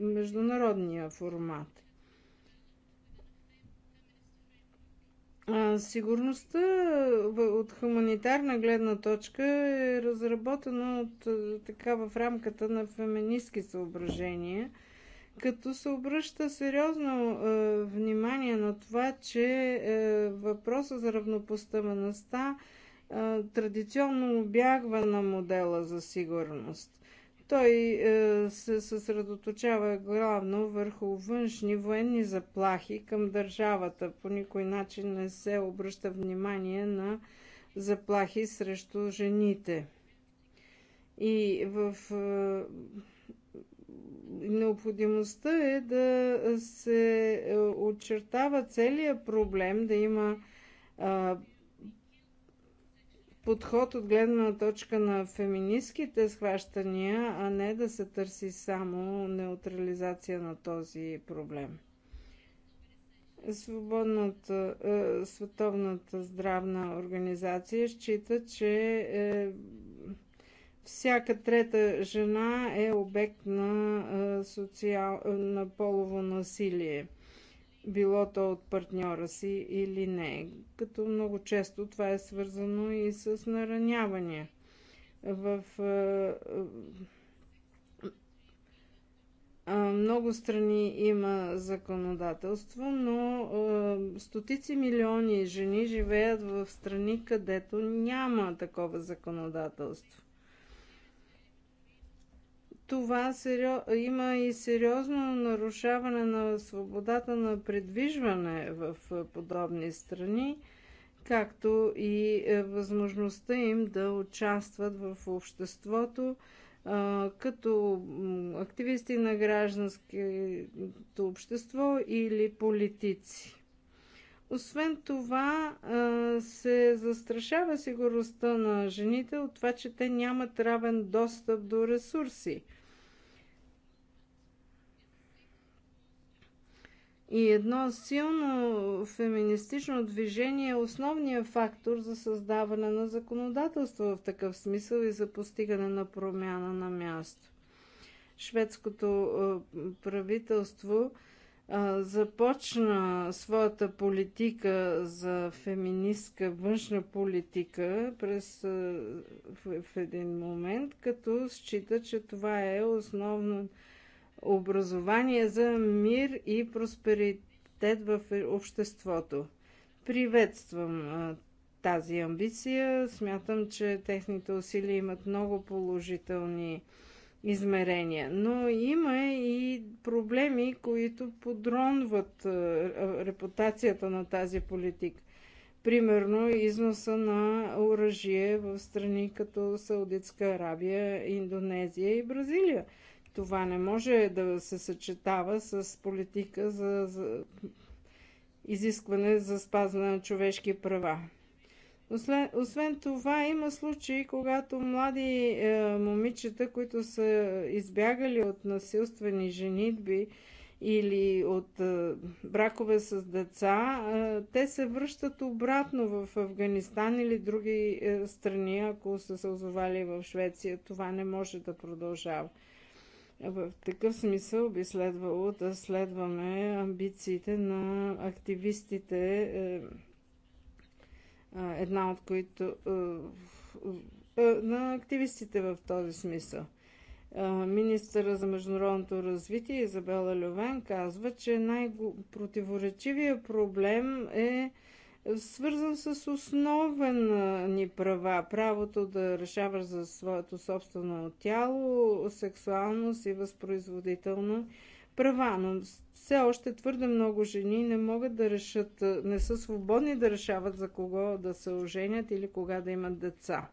международния формат. Сигурността от хуманитарна гледна точка е разработена от, така в рамката на феминистки съображения – като се обръща сериозно е, внимание на това, че е, въпроса за равнопоставеността е, традиционно обягва на модела за сигурност. Той е, се съсредоточава главно върху външни военни заплахи към държавата. По никой начин не се обръща внимание на заплахи срещу жените. И в е, Необходимостта е да се е, очертава целият проблем, да има а, подход от гледна точка на феминистските схващания, а не да се търси само неутрализация на този проблем. Свободната, е, Световната здравна организация счита, че е, всяка трета жена е обект на, социал... на полово насилие, било то от партньора си или не, като много често това е свързано и с наранявания. В много страни има законодателство, но а, стотици милиони жени живеят в страни, където няма такова законодателство това има и сериозно нарушаване на свободата на предвижване в подобни страни, както и е, възможността им да участват в обществото като активисти на гражданското общество или политици. Освен това, се застрашава сигурността на жените от това, че те нямат равен достъп до ресурси – И едно силно феминистично движение е основният фактор за създаване на законодателство в такъв смисъл и за постигане на промяна на място. Шведското правителство започна своята политика за феминистка външна политика през, в, в един момент, като счита, че това е основно образование за мир и просперитет в обществото. Приветствам тази амбиция. Смятам, че техните усилия имат много положителни измерения. Но има и проблеми, които подронват репутацията на тази политика. Примерно износа на оръжие в страни като Саудитска Арабия, Индонезия и Бразилия – това не може да се съчетава с политика за, за изискване за спазване на човешки права. Освен, освен това, има случаи, когато млади е, момичета, които са избягали от насилствени женитби или от е, бракове с деца, е, те се връщат обратно в Афганистан или други е, страни, ако са се озовали в Швеция. Това не може да продължава. В такъв смисъл би следвало да следваме амбициите на активистите, е, една от които е, е, на активистите в този смисъл. Министъра за международното развитие Изабела Лювен казва, че най-противоречивия проблем е свързан с основен ни права. Правото да решаваш за своето собствено тяло, сексуалност и възпроизводително права. Но все още твърде много жени не могат да решат, не са свободни да решават за кого да се оженят или кога да имат деца.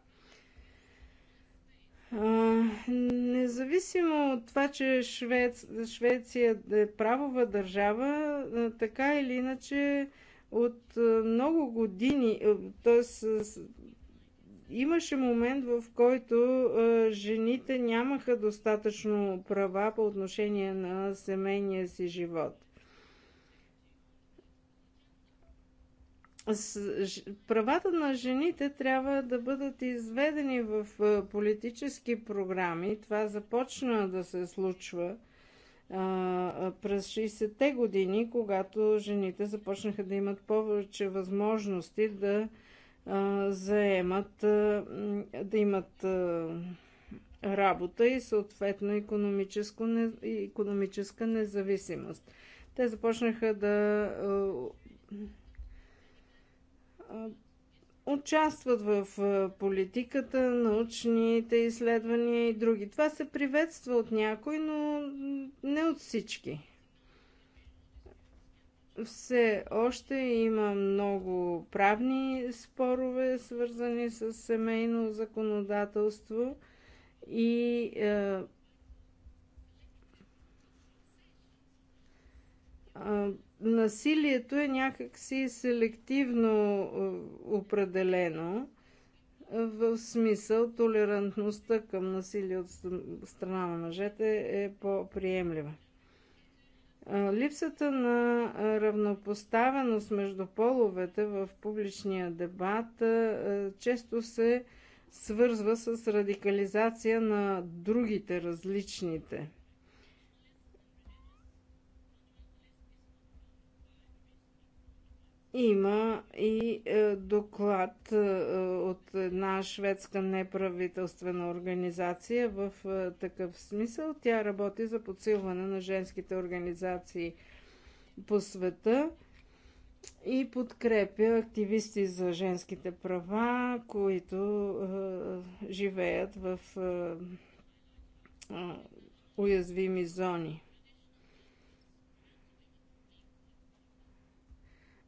А, независимо от това, че Швец, Швеция е правова държава, така или иначе от много години, т.е. имаше момент, в който жените нямаха достатъчно права по отношение на семейния си живот. правата на жените трябва да бъдат изведени в политически програми. Това започна да се случва през 60-те години, когато жените започнаха да имат повече възможности да заемат, да имат работа и съответно економическа независимост. Те започнаха да участват в политиката, научните изследвания и други. Това се приветства от някой, но не от всички. Все още има много правни спорове, свързани с семейно законодателство и е, е насилието е някакси селективно е, определено е, в смисъл толерантността към насилие от страна на мъжете е по-приемлива. Е, липсата на равнопоставеност между половете в публичния дебат често се свързва с радикализация на другите, различните. Има и е, доклад е, от една шведска неправителствена организация в е, такъв смисъл. Тя работи за подсилване на женските организации по света и подкрепя активисти за женските права, които е, живеят в е, уязвими зони.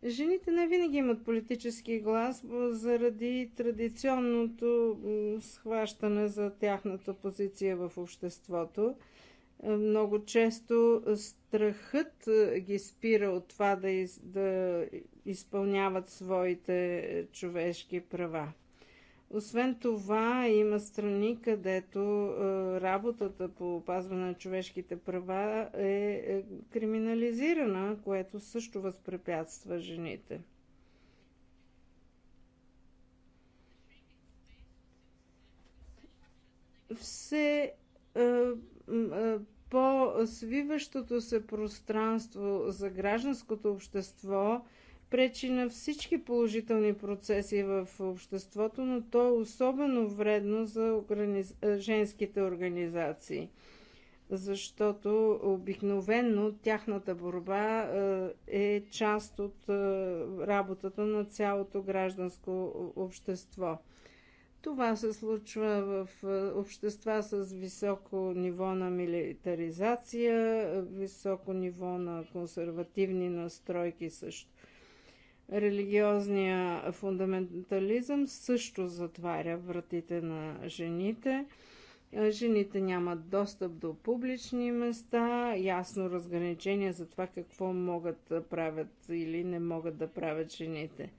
Жените не винаги имат политически глас заради традиционното схващане за тяхната позиция в обществото. Е, много често страхът е, ги спира от това да, из, да изпълняват своите човешки права. Освен това, има страни, където е, работата по опазване на човешките права е, е криминализирана, което също възпрепятства жените. Все е, по-свиващото се пространство за гражданското общество – пречи на всички положителни процеси в обществото, но то е особено вредно за органи... женските организации, защото обикновенно тяхната борба е част от работата на цялото гражданско общество. Това се случва в общества с високо ниво на милитаризация, високо ниво на консервативни настройки също Религиозния фундаментализъм също затваря вратите на жените. Жените нямат достъп до публични места, ясно разграничение за това какво могат да правят или не могат да правят жените.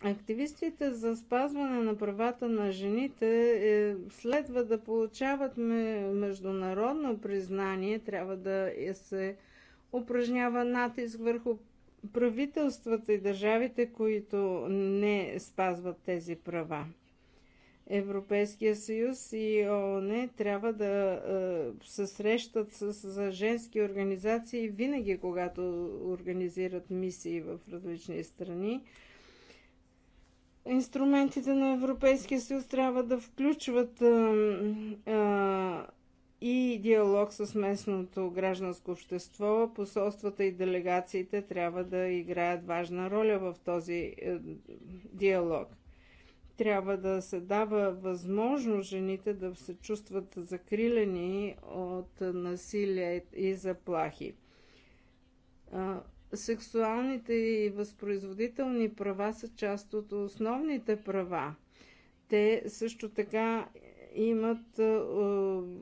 Активистите за спазване на правата на жените е, следва да получават международно признание, трябва да е, се упражнява натиск върху правителствата и държавите, които не спазват тези права. Европейския съюз и ООН трябва да е, се срещат с, с женски организации винаги, когато организират мисии в различни страни. Инструментите на Европейския съюз трябва да включват е, е, и диалог с местното гражданско общество. Посолствата и делегациите трябва да играят важна роля в този е, диалог. Трябва да се дава възможно жените да се чувстват закрилени от насилие и заплахи. Сексуалните и възпроизводителни права са част от основните права те също така имат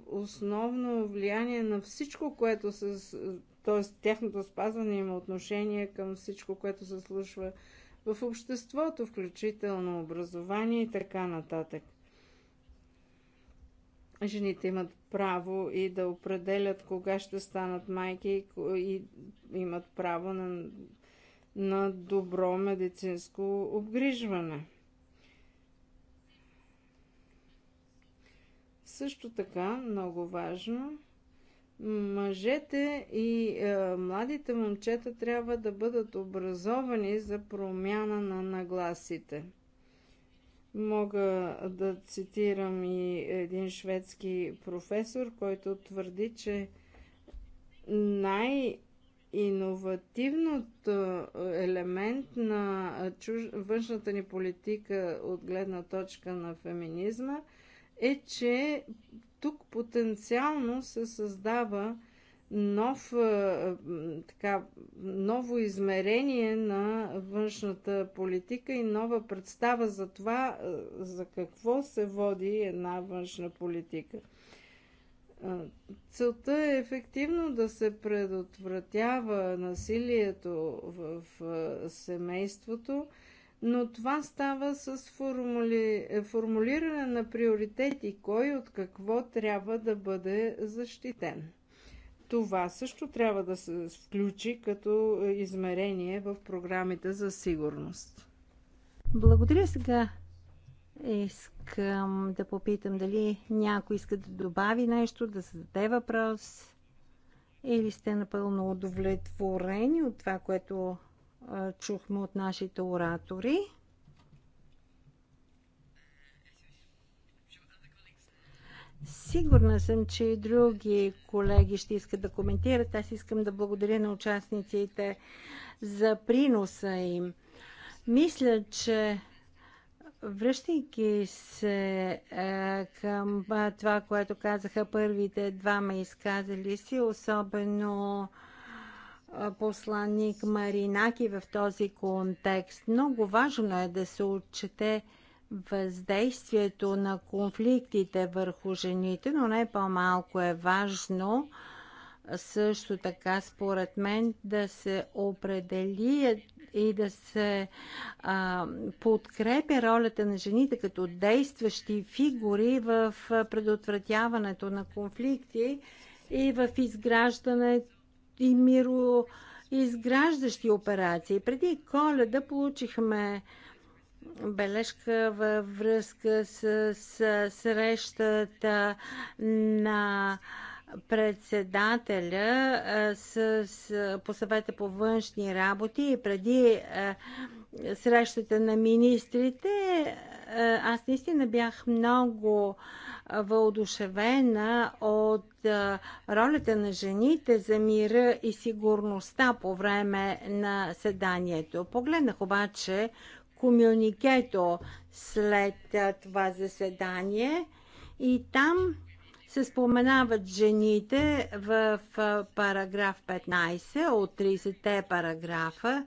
основно влияние на всичко, което се. т.е. тяхното спазване има отношение към всичко, което се случва в обществото, включително образование и така нататък. Жените имат право и да определят кога ще станат майки и имат право на, на добро медицинско обгрижване. Също така, много важно, мъжете и е, младите момчета трябва да бъдат образовани за промяна на нагласите. Мога да цитирам и един шведски професор, който твърди, че най- иновативният е, елемент на е, чуж... външната ни политика от гледна точка на феминизма – е, че тук потенциално се създава нов, е, така, ново измерение на външната политика и нова представа за това, е, за какво се води една външна политика. Е, целта е ефективно да се предотвратява насилието в семейството, но това става с формули... формулиране на приоритети, кой от какво трябва да бъде защитен. Това също трябва да се включи като измерение в програмите за сигурност. Благодаря сега. Искам да попитам дали някой иска да добави нещо, да зададе въпрос или сте напълно удовлетворени от това, което чухме от нашите оратори. Сигурна съм, че и други колеги ще искат да коментират. Аз искам да благодаря на участниците за приноса им. Мисля, че връщайки се към това, което казаха първите двама изказали си, особено посланник Маринаки в този контекст. Много важно е да се отчете въздействието на конфликтите върху жените, но не по-малко е важно също така, според мен, да се определи и да се а, подкрепя ролята на жените като действащи фигури в предотвратяването на конфликти и в изграждането и мироизграждащи операции. Преди коледа получихме бележка във връзка с, с срещата на председателя с, с по съвета по външни работи и преди срещата на министрите е, аз наистина бях много въодушевена от ролята на жените за мира и сигурността по време на седанието. Погледнах обаче комюникето след това заседание и там се споменават жените в параграф 15 от 30-те параграфа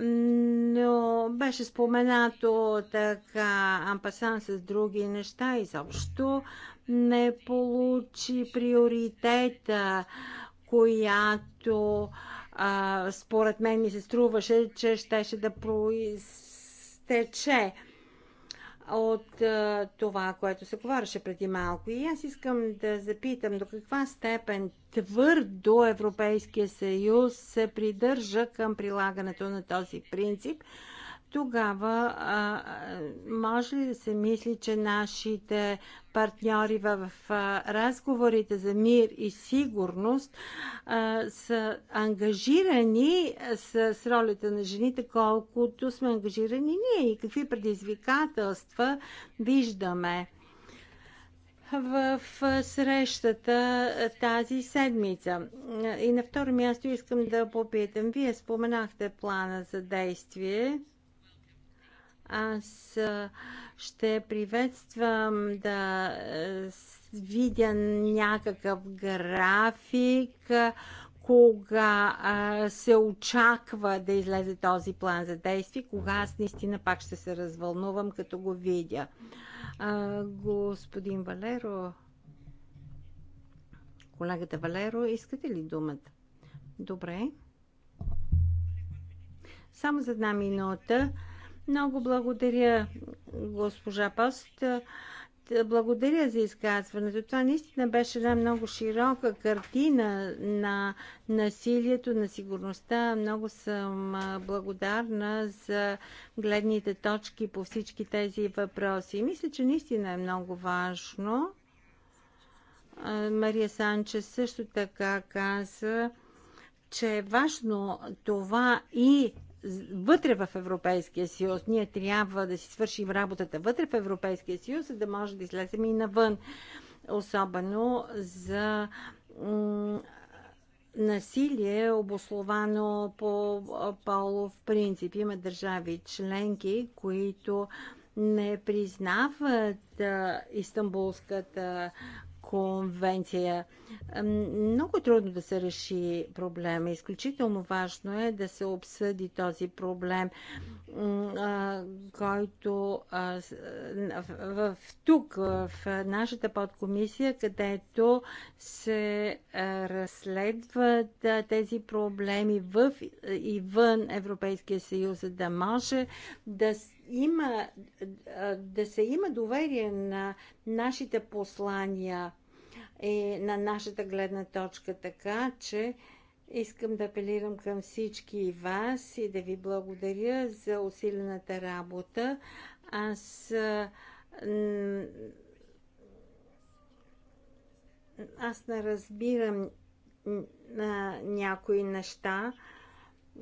но беше споменато така ампасан с други неща. и заобщо не получи приоритета, която а, според мен ми се струваше, че щеше да произтече от а, това, което се говореше преди малко. И аз искам да запитам до каква степен твърдо Европейския съюз се придържа към прилагането на този принцип, тогава а, може ли да се мисли, че нашите партньори в а, разговорите за мир и сигурност а, са ангажирани с, с ролята на жените, колкото сме ангажирани ние и какви предизвикателства виждаме? в срещата тази седмица. И на второ място искам да попитам. Вие споменахте плана за действие аз ще приветствам да е, видя някакъв график, кога а, се очаква да излезе този план за действие, кога аз наистина пак ще се развълнувам, като го видя. А, господин Валеро, колегата Валеро, искате ли думата? Добре. Само за една минута. Много благодаря, госпожа Пост. Благодаря за изказването. Това наистина беше една много широка картина на насилието, на сигурността. Много съм благодарна за гледните точки по всички тези въпроси. Мисля, че наистина е много важно. Мария Санчес също така каза, че е важно това и вътре в Европейския съюз. Ние трябва да си свършим работата вътре в Европейския съюз, за да може да излезем и навън. Особено за насилие, обословано по полов принцип. Има държави членки, които не признават Истанбулската конвенция. Много е трудно да се реши проблема. Изключително важно е да се обсъди този проблем, който в, тук, в нашата подкомисия, където се разследват тези проблеми в и вън Европейския съюз, за да може да се има, да се има доверие на нашите послания и на нашата гледна точка, така че искам да апелирам към всички вас и да ви благодаря за усилената работа. Аз аз не разбирам на някои неща,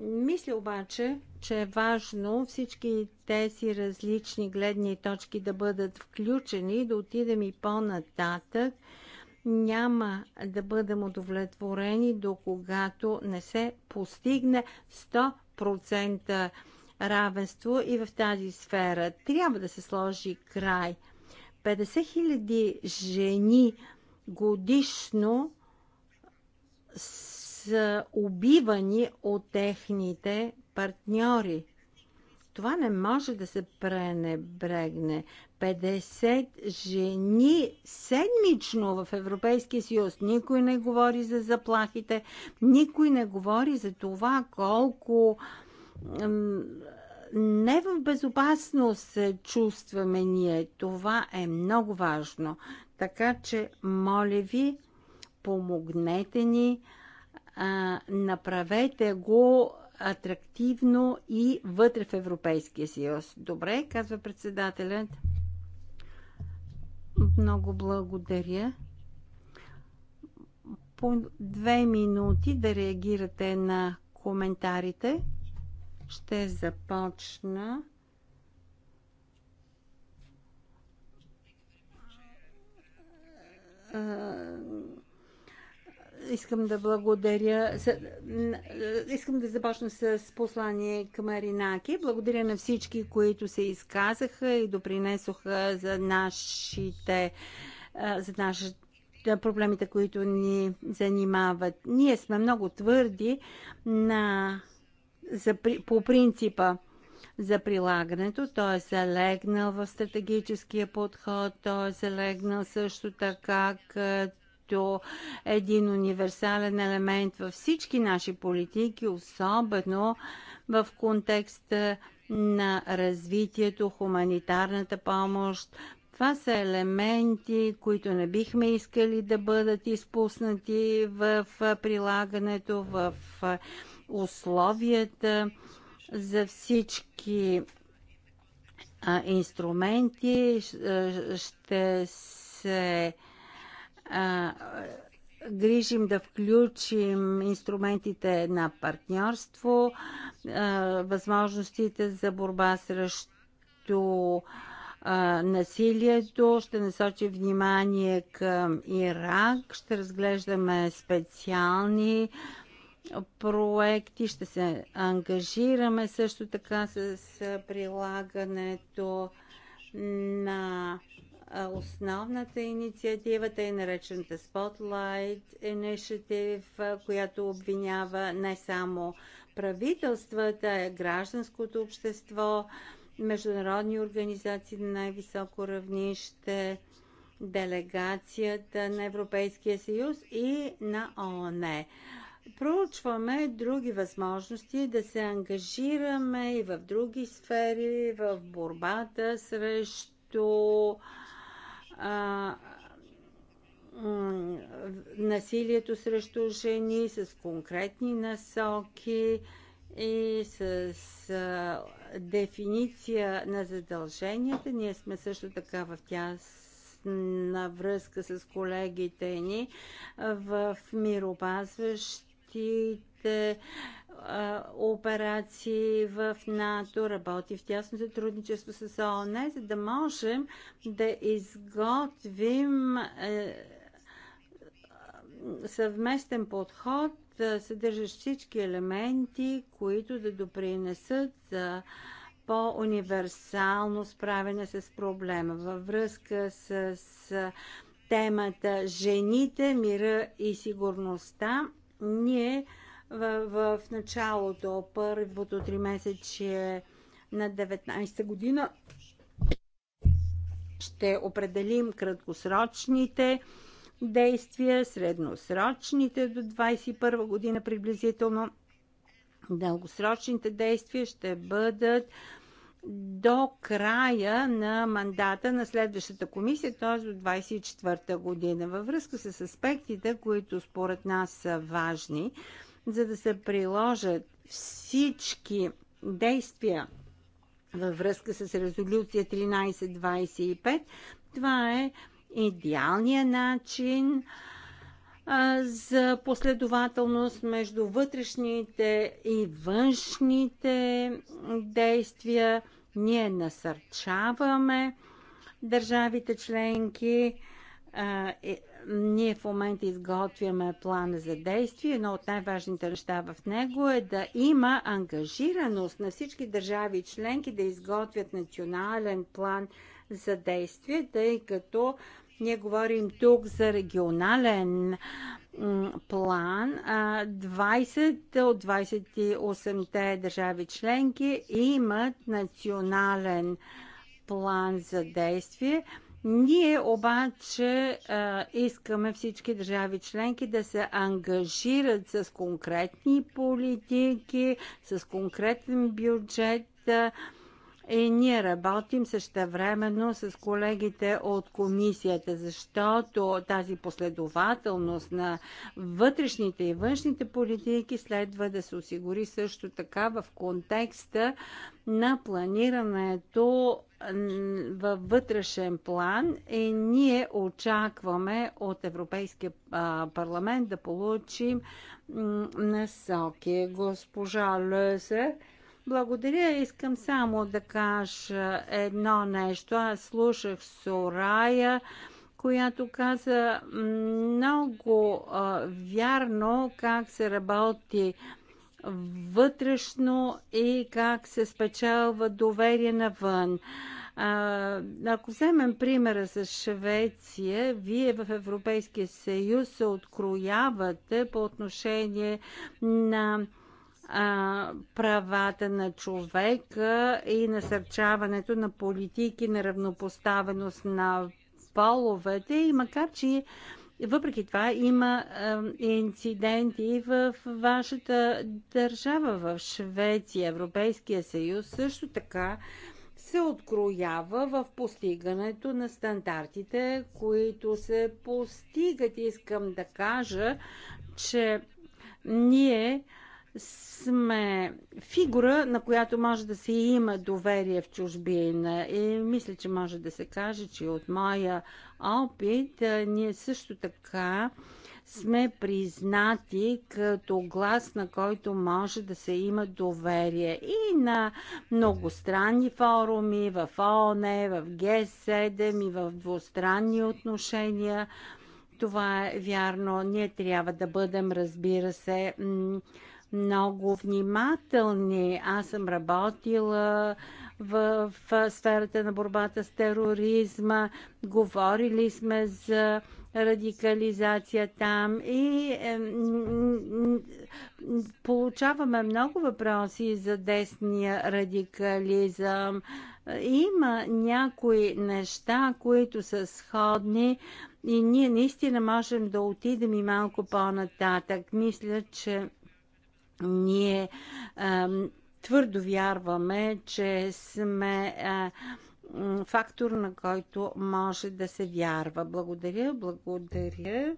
мисля обаче, че е важно всички тези различни гледни точки да бъдат включени, да отидем и по-нататък. Няма да бъдем удовлетворени до когато не се постигне 100% равенство и в тази сфера. Трябва да се сложи край. 50 000 жени годишно са убивани от техните партньори. Това не може да се пренебрегне. 50 жени седмично в Европейския съюз. Никой не говори за заплахите, никой не говори за това колко не в безопасност се чувстваме ние. Това е много важно. Така че, моля ви, помогнете ни а, направете го атрактивно и вътре в Европейския съюз. Добре, казва председателят. Много благодаря. По две минути да реагирате на коментарите. Ще започна. Uh Искам да благодаря. Искам да започна с послание към Аринаки. Благодаря на всички, които се изказаха и допринесоха за нашите за нашите проблемите, които ни занимават. Ние сме много твърди на, за, по принципа за прилагането. Той е залегнал в стратегическия подход, той е залегнал също така като като един универсален елемент във всички наши политики, особено в контекста на развитието, хуманитарната помощ. Това са елементи, които не бихме искали да бъдат изпуснати в прилагането, в условията за всички инструменти. Ще се грижим да включим инструментите на партньорство, възможностите за борба срещу насилието, ще насочи внимание към Ирак, ще разглеждаме специални проекти, ще се ангажираме също така с прилагането на Основната инициатива е наречената Spotlight Initiative, която обвинява не само правителствата, а гражданското общество, международни организации на най-високо равнище, делегацията на Европейския съюз и на ООН. Проучваме други възможности да се ангажираме и в други сфери, в борбата срещу а, насилието срещу жени с конкретни насоки и с а, дефиниция на задълженията. Ние сме също така в тясна връзка с колегите ни в миропазващите операции в НАТО, работи в тясно сътрудничество с ООН, за да можем да изготвим е, съвместен подход, е, съдържащ всички елементи, които да допринесат за по-универсално справяне с проблема във връзка с темата жените, мира и сигурността. Ние в, в началото, първото три месече на 19 та година. Ще определим краткосрочните действия, средносрочните до 21 година приблизително. Дългосрочните действия ще бъдат до края на мандата на следващата комисия, т.е. до 24 година. Във връзка с аспектите, които според нас са важни, за да се приложат всички действия във връзка с резолюция 1325. Това е идеалният начин за последователност между вътрешните и външните действия. Ние насърчаваме държавите членки ние в момента изготвяме плана за действие. Едно от най-важните неща в него е да има ангажираност на всички държави и членки да изготвят национален план за действие, тъй като ние говорим тук за регионален план. 20 от 28-те държави членки имат национален план за действие. Ние обаче а, искаме всички държави членки да се ангажират с конкретни политики, с конкретен бюджет, и ние работим същевременно с колегите от комисията, защото тази последователност на вътрешните и външните политики следва да се осигури също така в контекста на планирането във вътрешен план и ние очакваме от Европейския парламент да получим насоки. Госпожа Лъсер, благодаря. Искам само да кажа едно нещо. Аз слушах Сорая, която каза много а, вярно как се работи вътрешно и как се спечелва доверие навън. А, ако вземем примера с Швеция, вие в Европейския съюз се откроявате по отношение на правата на човека и насърчаването на политики на равнопоставеност на половете и макар, че въпреки това има а, инциденти в вашата държава, в Швеция, Европейския съюз, също така се откроява в постигането на стандартите, които се постигат. Искам да кажа, че ние сме фигура, на която може да се има доверие в чужбина. И мисля, че може да се каже, че от моя опит ние също така сме признати като глас, на който може да се има доверие и на многостранни форуми, в ООН, в Г7 и в двустранни отношения. Това е вярно. Ние трябва да бъдем, разбира се, много внимателни. Аз съм работила в, в сферата на борбата с тероризма, говорили сме за радикализация там и е, получаваме много въпроси за десния радикализъм. Има някои неща, които са сходни и ние наистина можем да отидем и малко по-нататък. Мисля, че ние а, твърдо вярваме, че сме а, фактор, на който може да се вярва. Благодаря, благодаря.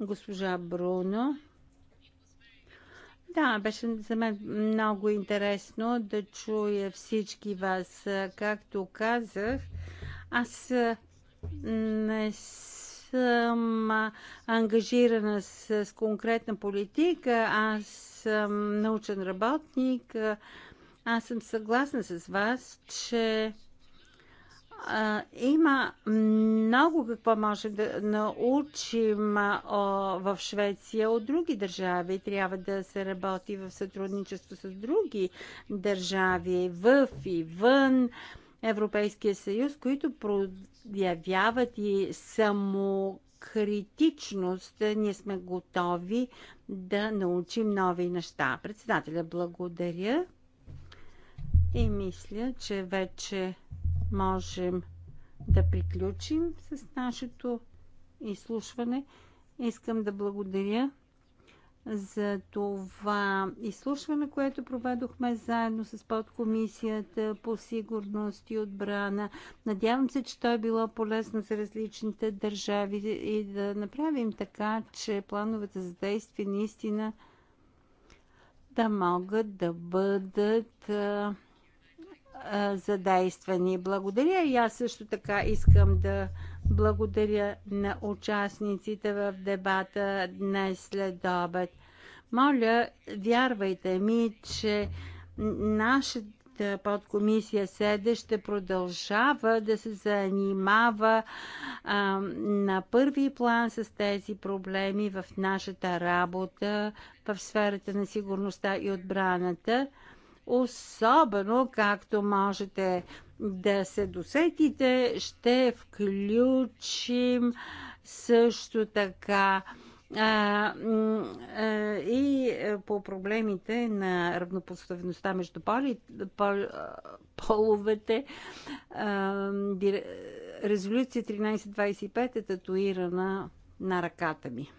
Госпожа Бруно. Да, беше за мен много интересно да чуя всички вас. Както казах, аз не съм ангажирана с, с конкретна политика, аз съм научен работник, аз съм съгласна с вас, че а, има много какво може да научим а, в Швеция от други държави. Трябва да се работи в сътрудничество с други държави, в и вън. А, Европейския съюз, които проявяват и само критичност, ние сме готови да научим нови неща. Председателя, благодаря и мисля, че вече можем да приключим с нашето изслушване. Искам да благодаря за това изслушване, което проведохме заедно с подкомисията по сигурност и отбрана. Надявам се, че то е било полезно за различните държави и да направим така, че плановете за действие наистина да могат да бъдат задействани. Благодаря и аз също така искам да благодаря на участниците в дебата днес след обед. Моля, вярвайте ми, че нашата подкомисия СЕДЕ ще продължава да се занимава а, на първи план с тези проблеми в нашата работа в сферата на сигурността и отбраната особено както можете да се досетите, ще включим също така а, и по проблемите на равнопоставеността между поли, пол, половете. А, резолюция 1325 е татуирана на ръката ми.